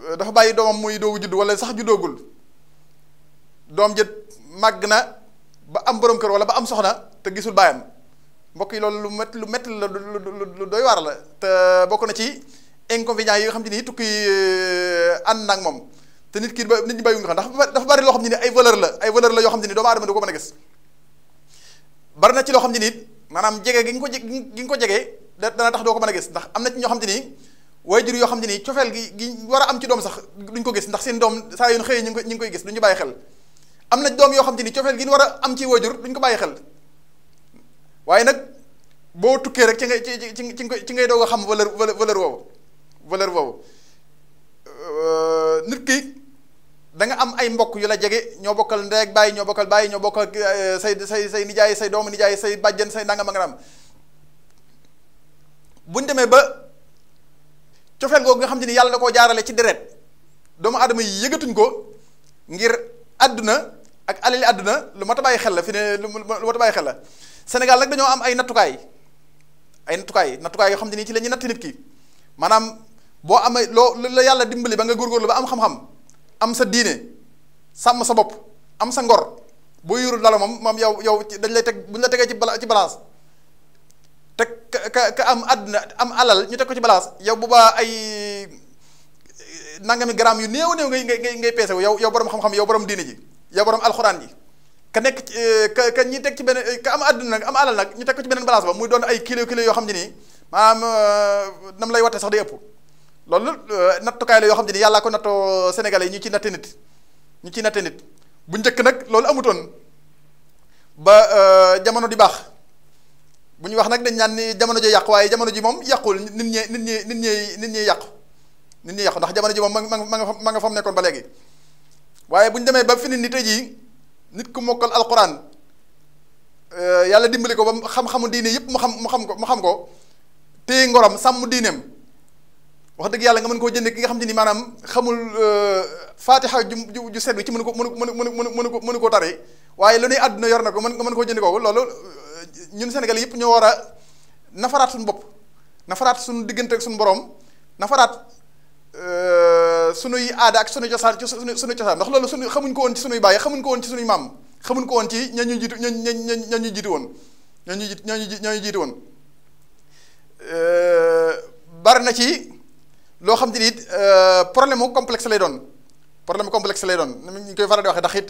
euh, dafa bàyyi doomam muy doogu judd wala sax juddoogul doom jët màgg na ba am borom kër wala ba am soxna te gisul baayam mbokk yi loolu lu métti lu métti la lu doy waar la te bokk na ci inconvénients yi nga xam ne nii tukki euh, ànd na ak moom te nit ki nit ñi bàyyi nga xam ndax dafa bari loo xam ne ni ay valeur la ay valeur la yoo xam ne ni a gis bari na ci loo xam ne nii maanaam jege gi nga ko gi nga ko jege dana tax doo ko mën a gis ndax am na ci ñoo xam ne nii waajur yoo xam ne nii cofeel gi gi war a am ci doom sax duñ ko gis ndax seen doom saa yoon xëyee ñu ngi koy ñu bàyyi xel am na doom yoo xam ne nii cofeel gi war a am ci waajur duñ ko bàyyi xel waaye nag boo tukkee rek ci ngay ci ci ci ci ngay doog a xam valeur valeur valeur woowu valeur woowu euh, nit ki da nga am ay mbokk yu la jege ñoo bokkal ndey bàyyi ñoo bokkal bàyyi ñoo bokkal eh, say say say nijaay say doom nijaay say bàjjen say nangam nga nangam bu ñu demee ba cofeel googu nga xam te ni yàlla da koo jaarale ci deret doomu adama yi yëgatuñ ko ngir àdduna ak alali àdduna lu mat a xel la fi ne lu mat a bàyyi xel la Sénégal nag dañoo am ay nattukaay ay nattukaay nattukaay yoo xam te ni ci lañuy natt nit ki maanaam boo amee loo la yàlla dimbali ba nga góorgóorlu ba am xam am sa diine sàmm sa bopp am sa ngor boo yurul dala moom moom yow yow dañ lay teg bu ñu la tegee ci bala ci balance teg ka ka am àdduna am alal ñu teg ci balance yow bu baa ay eh, nangami gramme yu néew néew ngay ngay ngay peese wu yow yow borom xam-xam yow borom diine ji yow borom alxuraan ji ka nekk eh, ka ka ñi teg ci beneen ka am àdduna nag am alal nag ñu teg ko ci beneen balance ba muy doon ay kilo kilo yoo xam ne nii maanaam eh, nam lay watte sax day ëpp. loolu euh, nattukaay la yoo xam ne yàllaa ko nattoo senegal yi ñu ci natte nit ñu ci natte nit bu njëkk nag loolu amutoon ba euh, jamono di baax bu ñu wax nag dañ ñaan ni jamono ji yàqu waaye jamono ji moom yàqul nit ñi nit ñi nit ñi nit ñi yàqu nit ñi yàqu ndax jamono ji moom ma nga ma nga ma nga fa mu nekkoon ba léegi waaye bu ñu demee ba fi ni tey jii nit ku mokkal alquran euh, yàlla dimbali ko ba xam-xamu diine yëpp mu xam mu xam ko mu xam ko téye ngorom sàmm diineem. wax dëgg yàlla nga mën koo jënd ki nga xam te ni maanaam xamul euh, faatixa ju ju set wi ci mënu ko mënu mënu mënu mënu ko mënu koo tari waaye lu nuy àdduna yor na ko mën nga mën koo jënd kooku loolu euh, ñun Sénégal yëpp ñoo war a nafaraat suñu bopp nafaraat suñu diggante suñu borom nafaraat euh, suñuy aada ak suñu cosaan suñu suñu cosaan ndax loolu suñu xamuñ ko woon ci suñuy bàyyi xamuñ ko woon ci suñuy maam xamuñ ko woon ci ña ñu jiitu ña ña ña ñu jiitu woon ña ñu ña ñu jiitu woon bari na ci. loo xam te ni it euh, problème mu complexe lay doon problème complexe lay doon ni ñu koy faral di waxee ndax it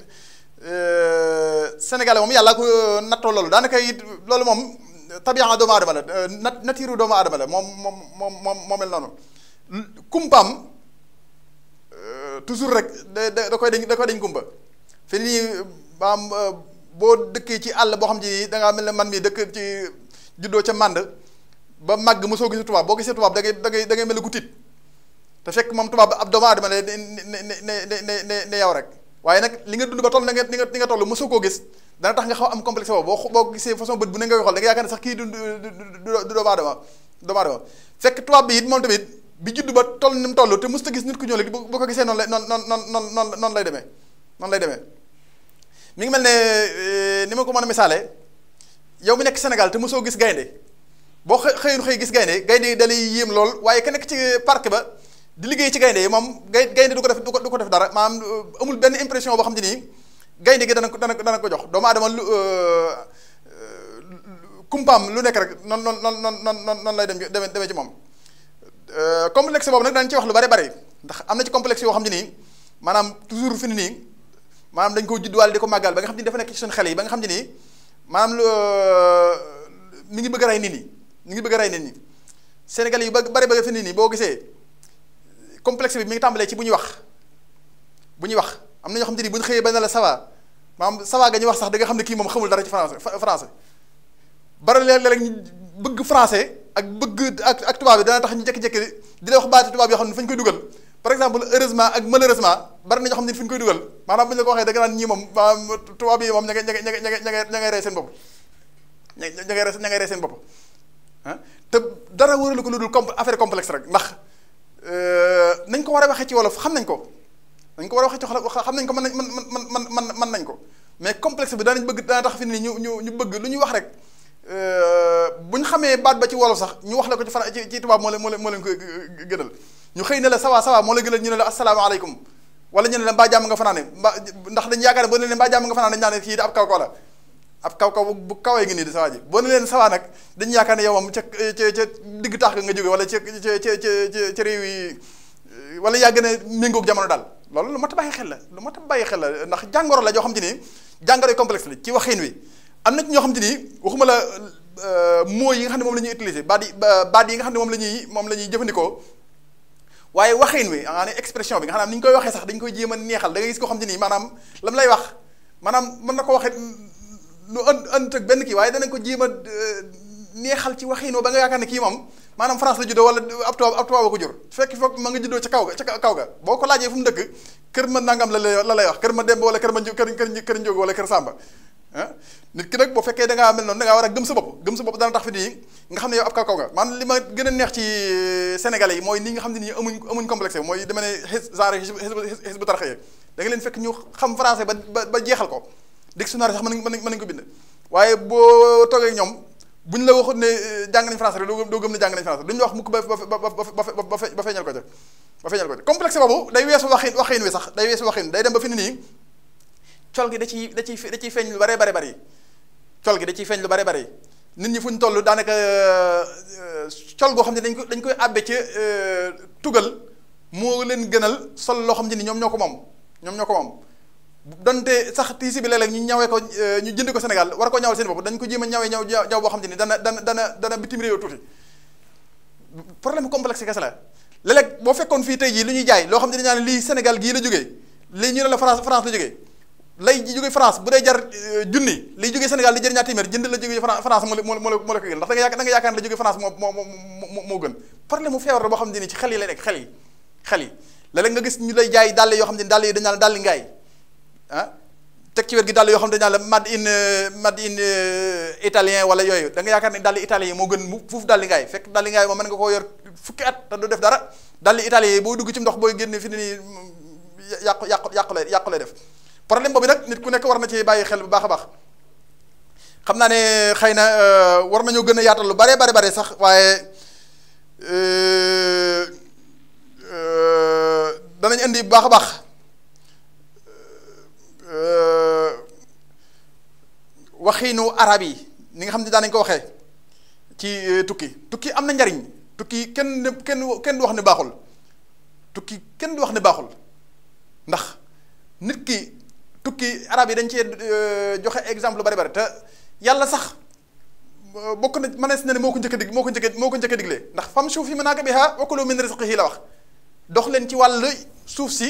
euh, sénégalais moom yàlla ko euh, nattoo loolu daanaka it loolu moom tabiaa doomu aadama la nat natiiru doomu aadama la moom moom moom moom moo mel noonu toujours rek da da koy dañ da koy dañ kumpa fi nii boo dëkkee ci àll boo xam ji da ngaa mel ne man mii dëkk ci juddoo ca mànd ba màgg mosoo gisee tubaab boo gisee tubaab da ngay da ngay mel ne ku te fekk moom tubaab ab doomu aadama ne ne ne ne yow rek waaye nag li nga dund ba na nga ni nga toll mosoo koo gis dana tax nga xaw am complexe boobu boo boo gisee façon bët bu ne nga koy xool da nga yaakaar ne it moom tamit bi judd ba toll mu toll te mosut gis nit ku ñëw rek bu ko gisee noonu lay noonu noonu mi ngi mel ne eh, ni ma ko mën a misaale yow mi nekk Sénégal te soo gis gaynde boo xëyul xëy gis gaynde gaynde da lay yéem lool waaye ka nekk ci parc ba. di liggéey ci gaynde yi moom gay gaynde du ko def du ko def dara maanaam euh, amul benn impression boo xam te nii gaynde gi dana ko dana ko jox doomu aadama lu euh, euh, kumpaam lu nekk rek non non non non non lay dem demee ci moom complexe boobu nag dañ ci wax lu bari bari ndax am na ci complexe yoo xam ne nii maanaam toujours fi ni nii maanaam dañ koo juddwaal di ko màggal ba nga xam ne dafa nekk ci seen xel yi ba nga xam ne nii maanaam ni ngi bëgg a rey nit ñi mi ngi bëgg a rey nit ñi yu bari bëgg fi ni nii boo gisee complexe bi mi ngi tàmbalee ci bu ñu wax bu ñu wax am na ñoo xam te ni bu ñu xëyee ba ne la ça va maanaam ça va ga ñu wax sax da nga xam ne kii moom xamul dara ci français leen bëgg français ak bëgg ak ak tubaab bi dana tax ñu jékki-jékki di la wax baati tubaab yoo xam ne fa ñu koy dugal par exemple heureusement ak malheureusement bari na ñoo xam ne fi ñu koy dugal maanaam bu ñu la ko waxee da nga naan ñii moom tubaab yi moom ña ngay ña ngay ña ngay ña ngay ña ña ña ah? rek ndax Euh, nañ ko war a waxee ci wolof xam nañ ko nañ ko war a waxee ci wolof xam nañ ko mën man man mën mën mën nañ ko mais complexe bi danañ bëgg daana tax fi ni ñu ñu ñu bëgg lu ñu wax rek euh, bu ñu xamee baat ba ci wolof sax ñu wax la ko ci fara ci ci tubaab moo leen moo leen ko gënal ñu xëy ne la sawa sawa moo la gënal ñu ne la asalaamaaleykum wala ñu ne la mbaa jàmm nga fanaane mbaa ndax dañ yaakaar ne boo ne leen mbaa jàmm nga fanaane dañ naan kii da ab kaw ab kaw kaw bu kawee ngi nii di sawaa ji boo ne leen sawaa nag dañu yaakaar ne yow moom ca ca ca digg taax nga jóge wala ca ca ca ca réew yi wala yaa gën a jamono daal loolu lu mat a bàyyi xel la lu mat a xel la ndax jàngoro la joo xam te ni jàngoro la ci waxin wi am na ñoo xam te ni waxuma la euh, mots yi nga xam ne moom la ñuy utiliser baat yi baat yi nga xam ne moom la ñuy moom la ñuy jëfandikoo waaye waxin wi maanaam expression bi nga xam ne ni ñu koy waxee sax dañ koy jéem a neexal da nga gis koo xam te ni maanaam lam lay wax maanaam mën na ko waxee lu ënd ënd ak benn kii waaye danañ ko jéem a euh, neexal ci waxinoo ba nga yaakaar ne kii moom maanaam France la juddoo wala ab tubaab ab tubaab ko jur fekk foofu ma nga juddoo ca kaw lay la lay wax kër ma demb wala kër ma kër kër njóg wala kër sàmba ah. a bopp gëm sa bopp ne yow ab kaw kaw nga maanaam li ma gën a neex ci euh, sénégalais yi mooy nii nga xam ne nii amuñ amuñ complexe mooy dama ne xis genre xis bu tarxee da nga leen fekk ñu xam français ba ba jeexal ko dictionnaire sax mën nañ mën nañ ko bind waaye boo toogee ak ñoom bu ñu la waxut ne eh, jàng nañ français rek doo doo gëm ne jàng nañ français duñ la wax mukk ba ba ba ba ba feeñal ko ca ba feeñal ko ca complexe boobu day weesu waxin waxin wi sax day weesu waxin day dem ba fi ni nii col gi da ciy da ciy da ciy feeñ lu bare bare bari col gi da ciy feeñ lu bare bari nit ñi fu ñu toll daanaka eh, col goo xam ne dañ ko dañ koy àbbe ci eh, tugal moo leen gënal sol loo xam ne ni ñoom ñoo ko moom ñoom ñoo ko moom donte sax tiisi bi léeg-léeg ñu ñawee ko euh, ñu jënd ko Sénégal war ko ñawal seen bopp dañ ko jéem ñawee ñaw ñaw boo xam te ni dana dana dana dana bitim réew tuuti problème complexe kese la léeg-léeg boo fekkoon fii tey jii lu jaay loo xam ne dañu naan lii Sénégal gii la jógee lii ñu ne la lay jóge France bu dee jar euh, junni lay jógee Sénégal di jar ñaar téeméer jënd la jógee France moo la moo la moo la ko gën ndax da nga yaakaar da nga yaakaar la jógee France moo moo moo gën problème mu feebar la boo xam ne ni ci jaay dàll yoo xam ne dàll yi dañu naan dàll ah teg ci wér gi dàll yoo xam ne dañu naan la mad in made in euh, euh, italien wala yooyu da yaakaar ne dàll italien yi moo gën mu fuuf dàll ngaay fekk dàll ngaay moom mën nga koo yor fukki at te du def dara dàll italien yi boo dugg ci ndox booy génn fi nii mm, yàqu yàqu yàqu lay yàqu lay def problème boobu nag nit ku nekk war na ci bàyyi xel bu baax a naa ne euh, xëy na war nañoo gën a yaatal lu bare bare bare sax waaye danañ indi baax baax. waxiinu arab yi ni nga xam ne daan nañ ko waxee ci euh, tukki tukki am na njariñ tukki kenn kenn kenn du wax ne baaxul tukki kenn du wax ne baaxul ndax nit ki tukki arab yi dañ cee euh, joxe exemple lu bari bari te yàlla sax euh, bokk na mënees na ne moo ko njëkk a dig moo ko njëkk moo ko njëkk a diglee ndax famshuu fii manaakibihaa wa kuluu min rizqihi la wax dox leen ci wàll suuf si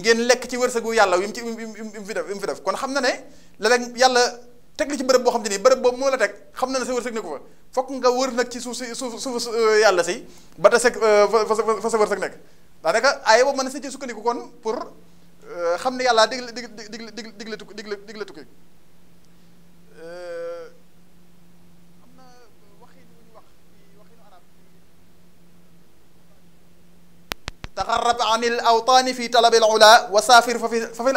ngeen lekk ci wërsëgu yàlla wi mu ci mu fi def kon xam na ne léeg-léeg yàlla. teg la ci bërëb boo xam te ni bërëb boobu moo la teg na ne sa wërsëg ne ko fa fokk nga euh, yàlla si ba te seg euh, fa sa wërsëg na si ci sukkandiku kon pour euh, xam ne yàlla digle taxarab an awtaani fi talabil ula wa saafir fa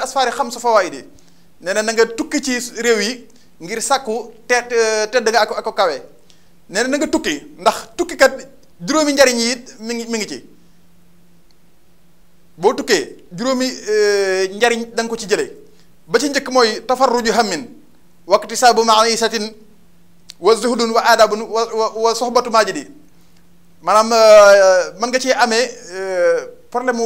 asfaari xam su fawaayidi nee na na tukki ci réew yi ngir sàkku te tedd nga ak ak kawe nee na nga tukki ndax tukkikat juróomi njariñ yi mi ngi mi ngi ci boo tukkee juróomi eh, njariñ da nga ko ci jëlee ba ci njëkk mooy tafarruju hammin waqti saabu maisatin wa zuhdun wa aadabun wa wa soxbatu maajidi maanaam eh, mën nga ci amee eh, problème mu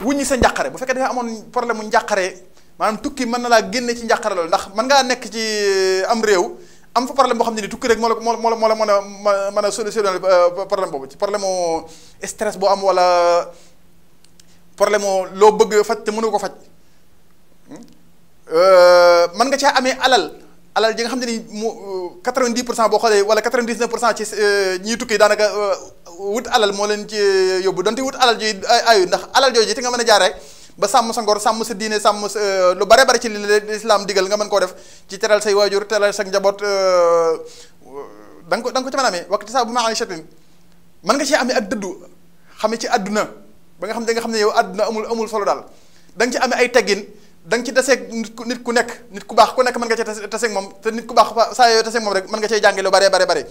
wuññi sa njàqare bu fekkee da nga amoon problème mu njàqare maanaam tukki mën na laa génne ci njàqare loolu ndax mën ngaa nekk ci euh, am réew am fa problème boo xam ne ni tukki rek moo la moo la moo la mën a mën a solutionné euh, problème boobu ci problème mu stress boo am wala problème mu loo bëgg faj te mënu ko faj hmm? euh, mën nga caa amee alal alal ji nga xam ne ni mu 90 pour cent boo xoolee wala 99 pour cent ci ñiy tukki daanaka wut alal moo leen ci yóbbu donte wut alal ji ay ayut ndax alal jooju te nga mën a jaaree. ba sàmm sa ngor sàmm sa diine sàmm sa euh, lu bare bare ci li lislaam digal nga mën koo def ci teral say waajur teral sa njaboot euh, da nga ko da nga ko ci mën a amee waxtu saa bu ma amee chatin mën nga ci amee ak dëddu xame ci àdduna ba nga xam da nga xam ne yow àdduna amul amul solo daal da nga ci amee ay teggin da nga ci taseeg nit ku nit ku nekk nit ku baax ku nekk mën nga cee taseeg moom te nit ku baax saa yoo taseeg moom rek mën nga cee jànge lu bare bare bare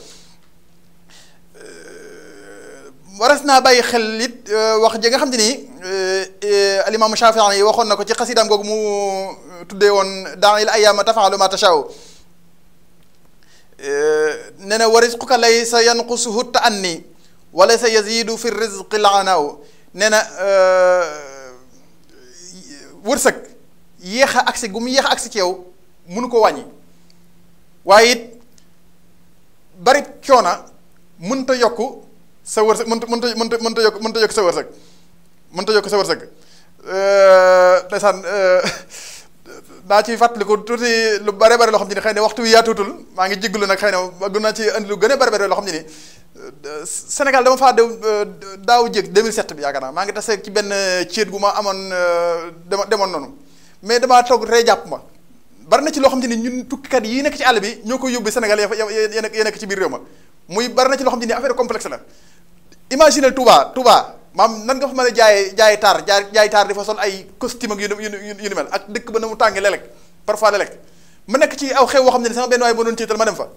waras naa bàyyi xel it euh, wax ji nga xam te ni euh, euh, alimaamu Shaafi'i yi waxoon na ko ci xasidaam googu mu tuddee woon daanil ayyaama taf'alu maa tashaa'u nee na wa rizquka laysa yanqusuhu ta'anni wa laysa nee na wërsëg yéex a agsi gu mu yéex a agsi ci yow mënu ko wàññi waaye it bari coona mënta yokku sa wërsëg mënta mënta mënta mënta yokk mënta yokk sa wërsëg mënta yokk sa wërsëg euh, daa euh, naa ci fàttaliku tuuti lu bare bare loo xam ne ni xëy waxtu wi yaatuutul maa ngi jéggalu nag xëy na bëgg naa ci indi lu gën a bare loo xam ne ni euh, Sénégal dama faa dem daaw jéeg maa ngi tase ci benn ceet bu ma amoon dama demoon noonu mais damaa toog rey jàpp ma bari na ci loo xam ne ni ñun tukkikat yi nekk ci àll bi ñoo koy yóbbu Sénégal ya nekk ci biir réew ma muy bari na ci loo xam ne ni affaire complexe la. imagine Touba Touba maam nan nga fa mën a jaay jaay taar jaay jaay taar di fa sol ay costume ak yu yu ni mel ak dëkk ba na mu tàngee léeg-léeg parfois léeg-léeg nekk ci aw xew woo xam ne sama benn waay boo doon tiital ma dem fa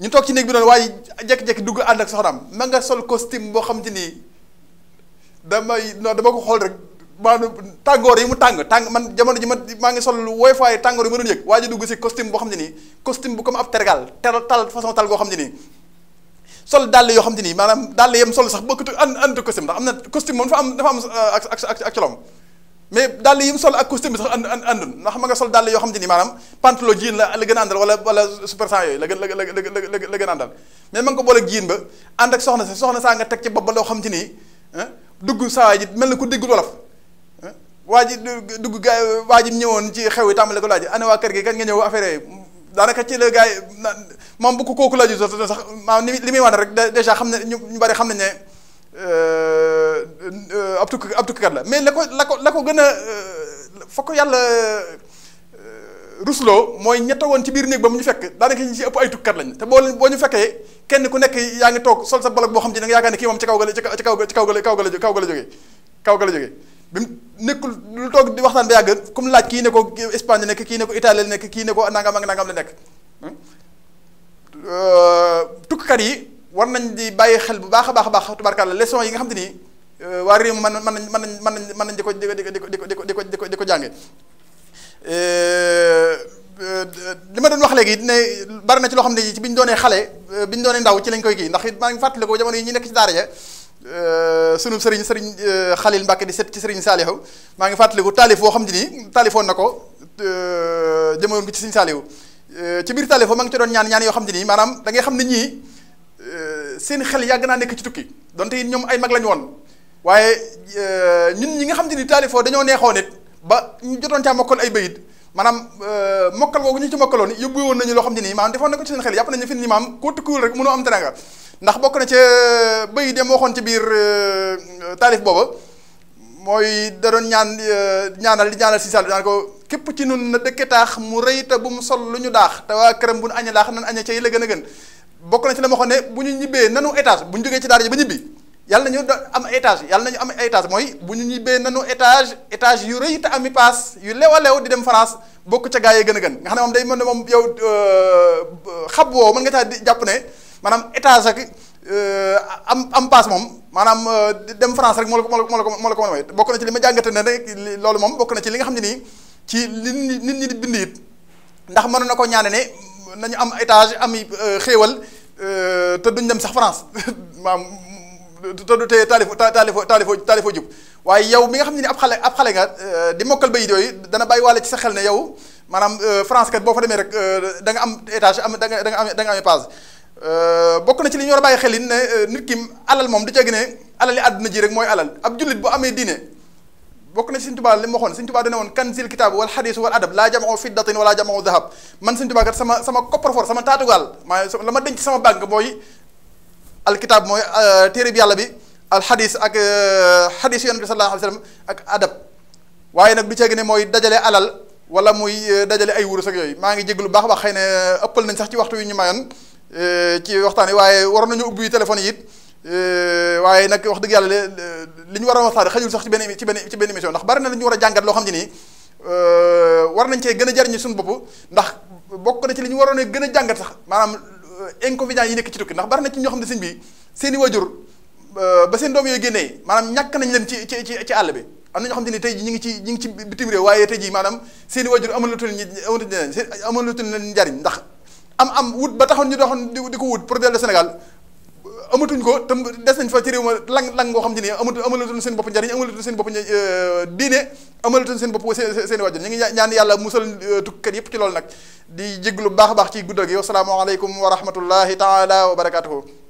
ñu toog ci néeg bi noonu waaye jekk-jekk dugg ànd ak soxnaam ma nga sol costume boo xam te ni damay non dama ko xool rek maanaam tàngoor yi mu tàng tàng man jamono ji ma maa ngi sol wooy faay tàngoor yi ma doon yëg waa dugg si costume boo xam ne nii costume bu comme ab tergal ter tal façon tal goo xam ne nii sol dàll yoo xam te ni maanaam dàll yem sol sax bokkatu an antu costume costume moom dafa am dafa euh, sol ak costume bi ndax ma nga sol dàll yoo xam te ni maanaam pantalon jean la la gën a àndal wala wala super sang yooyu la gën la a àndal sa soxna saa nga teg ci bopp ba loo xam te ni dugg saa mel na ku déggul wolof waa ji dugg gaa waa ji ñëwoon ci xew yi tàmbale ko laaj ana waa kër gi kañ nga ñëw affaire yooyu daanaka ci la moom bu ko la laaju sax maanaam ni li muy wane rek dèjà xam ne ñu ñu bari xam nañ ne euh, euh, ab tukki ab tukkikat la mais la ko la ko ko gën a euh, fa ko yàlla rusloo mooy ñett woon ci biir néeg ba mu ñu fekk daanaka ñu ci ëpp ay tukkat lañ te boo leen boo ñu fekkee kenn ku nekk yaa ngi toog sol sa bolog boo xam ne da nga yaakaar ne kii moom ci kaw ga la ci kaw ga la kaw kaw ga la jógee kaw ga la jógee bi mu nekkul lu toog di waxtaan ba yàgg comme laaj kii ne ko Espagne nekk kii ne ko nekk kii ne ko nangam ak nangam la nekk hmm? Euh, tukkikat yi war nañ di bàyyi xel bu baax a baax a baax la leçon yi nga xam te ni euh, waa réew mi mën man nañ mën nañ mën nañ mën nañ di ko di ko di ko di ko di ko ko di ko jànge euh, li ma doon wax léegi ne bari na ci loo xam ne ci bi ñu doonee xale bi ñu doonee ndaw ci lañ koy kii ndax it maa ngi fàttali ko jamono yi ñu nekk ci daara ja sunu sëriñ sëriñ Xalil Mbàkke di set ci sëriñ Saalihu maa ngi fàttaliku taalif boo xam ne nii taalifoon na ko jëmoon ko ci sëriñ Saalihu Euh, ci biir taalif ba ma ngi doon ñaan ñaan yoo xam ne nii maanaam da ngay xam ne ñii euh, seen xel yàgg naa nekk ci tukki donte it ñoom ay mag lañu woon waaye euh, ñun ñi nga xam te ni taalifoo dañoo neexoo nit ba ñu jotoon caa mokkal ay bayit maanaam mokkal googu ñu ci mokkaloon yóbbu woon nañu loo xam ne nii maanaam defoon na ko ci seen xel yàpp nañu fi ni maam koo tukkiwul rek mënoo am teranga ndax bokk na ca bayit dem waxoon ca biir taalif boobu mooy da doon ñaan ñaanal di ñaanal si sal naan képp ci nun na dëkke taax mu rëy te mu sol lu ñu daax te waa këram bu nu aña daax nan aña ca yi la gën a gën bokk na ci la ma xam ne bu ñu ñibbee nanu bu jógee ci daara ji ba am étage yàlla nañu am étage mooy bu ñu ñibbee nanu étage étage yu rëy ami paas yu lew a lew di dem France bokk ca gaa yi gën a gën nga day mën ne moom yow euh, xab woo mën nga caa jàpp ne maanaam étage ak euh, am am paas moom maanaam euh, dem France na ci li ma jàngate ne loolu moom bokk na ci li nga xam ne nii ci li nit ñi di bind it ndax mënoon na ko ñaane ne nañu am étage am euh, xéewal euh, te duñ dem sax France maam te du tee taalifo taalifo taalifo taalifo jub waaye yow mi nga xam ne ni ab xale ab xale nga euh, di mokkal bayit yooyu dana bàyyi waale ci sax xel ne yow maanaam France kat boo fa demee rek da nga am étage am da nga da nga am da nga am page bokk na ci li ñu war a bàyyi xel yi ne nit ki alal moom du ca ne alal yi àdduna ji rek mooy alal ab jullit bu amee diine. bokk na ci Sëñ Tuubaa li mu waxoon Sëñ Tuubaa dane woon kanzil kitaab wal xadiis wal adab laa jamao fiddatin wala jamao dahab ma denc sama banque mooy alkitaab mooy euh, téere bi yàlla bi al ak euh, xadiis yonent bi sallallahu alayhi wa ak adab waaye nag du ceeg ne mooy dajale alal wala muy euh, dajale ay wurus ak yooyu maa ngi jéglu baax baax xëy na ëppal nañ sax ci waxtu yu ñu mayoon ci waxtaan yi waaye waroon nañu ubbi téléphone yi it Euh, waaye nag wax dëgg yàlla li ñu war a waxtaane xajul sax ci benn ci benn ci benn émission ndax bari na lu ñu war a jàngat loo xam ne nii euh, war nañ cee gën a jariñu suñu bopp ndax bokk na ci li ñu waroon gën a jàngat sax maanaam euh, inconvénients yi nekk ci tukki ndax bari na ci ñoo xam ne sëñ bi seen i wajur ba seen doom yooyu génnee maanaam ñàkk nañ leen ci ci ci ci àll bi am na ñoo xam ne ni tey ji ñu ngi ci ñu ngi ci bitim réew waaye tey ji maanaam seen i wajur amalutul ñi amalutul leen njariñ ndax am am wut ba taxoon ñu doxoon di ko wut pour dellu Sénégal amatuñ ko tam des nañ fa ci réew ma lang lang ngoo xam ci ne amatu amalatuñ seen bopp njariñ amalatuñ seen bopp euh, diine amalatuñ seen bopp seen seen wàjjur ñu ngi ñaan yàlla musal euh, tukkat yépp ci loolu nag di jéglu baax a baax ci guddal gi wasalaamaaleykum wa rahmatullahi taala wa barakatuhu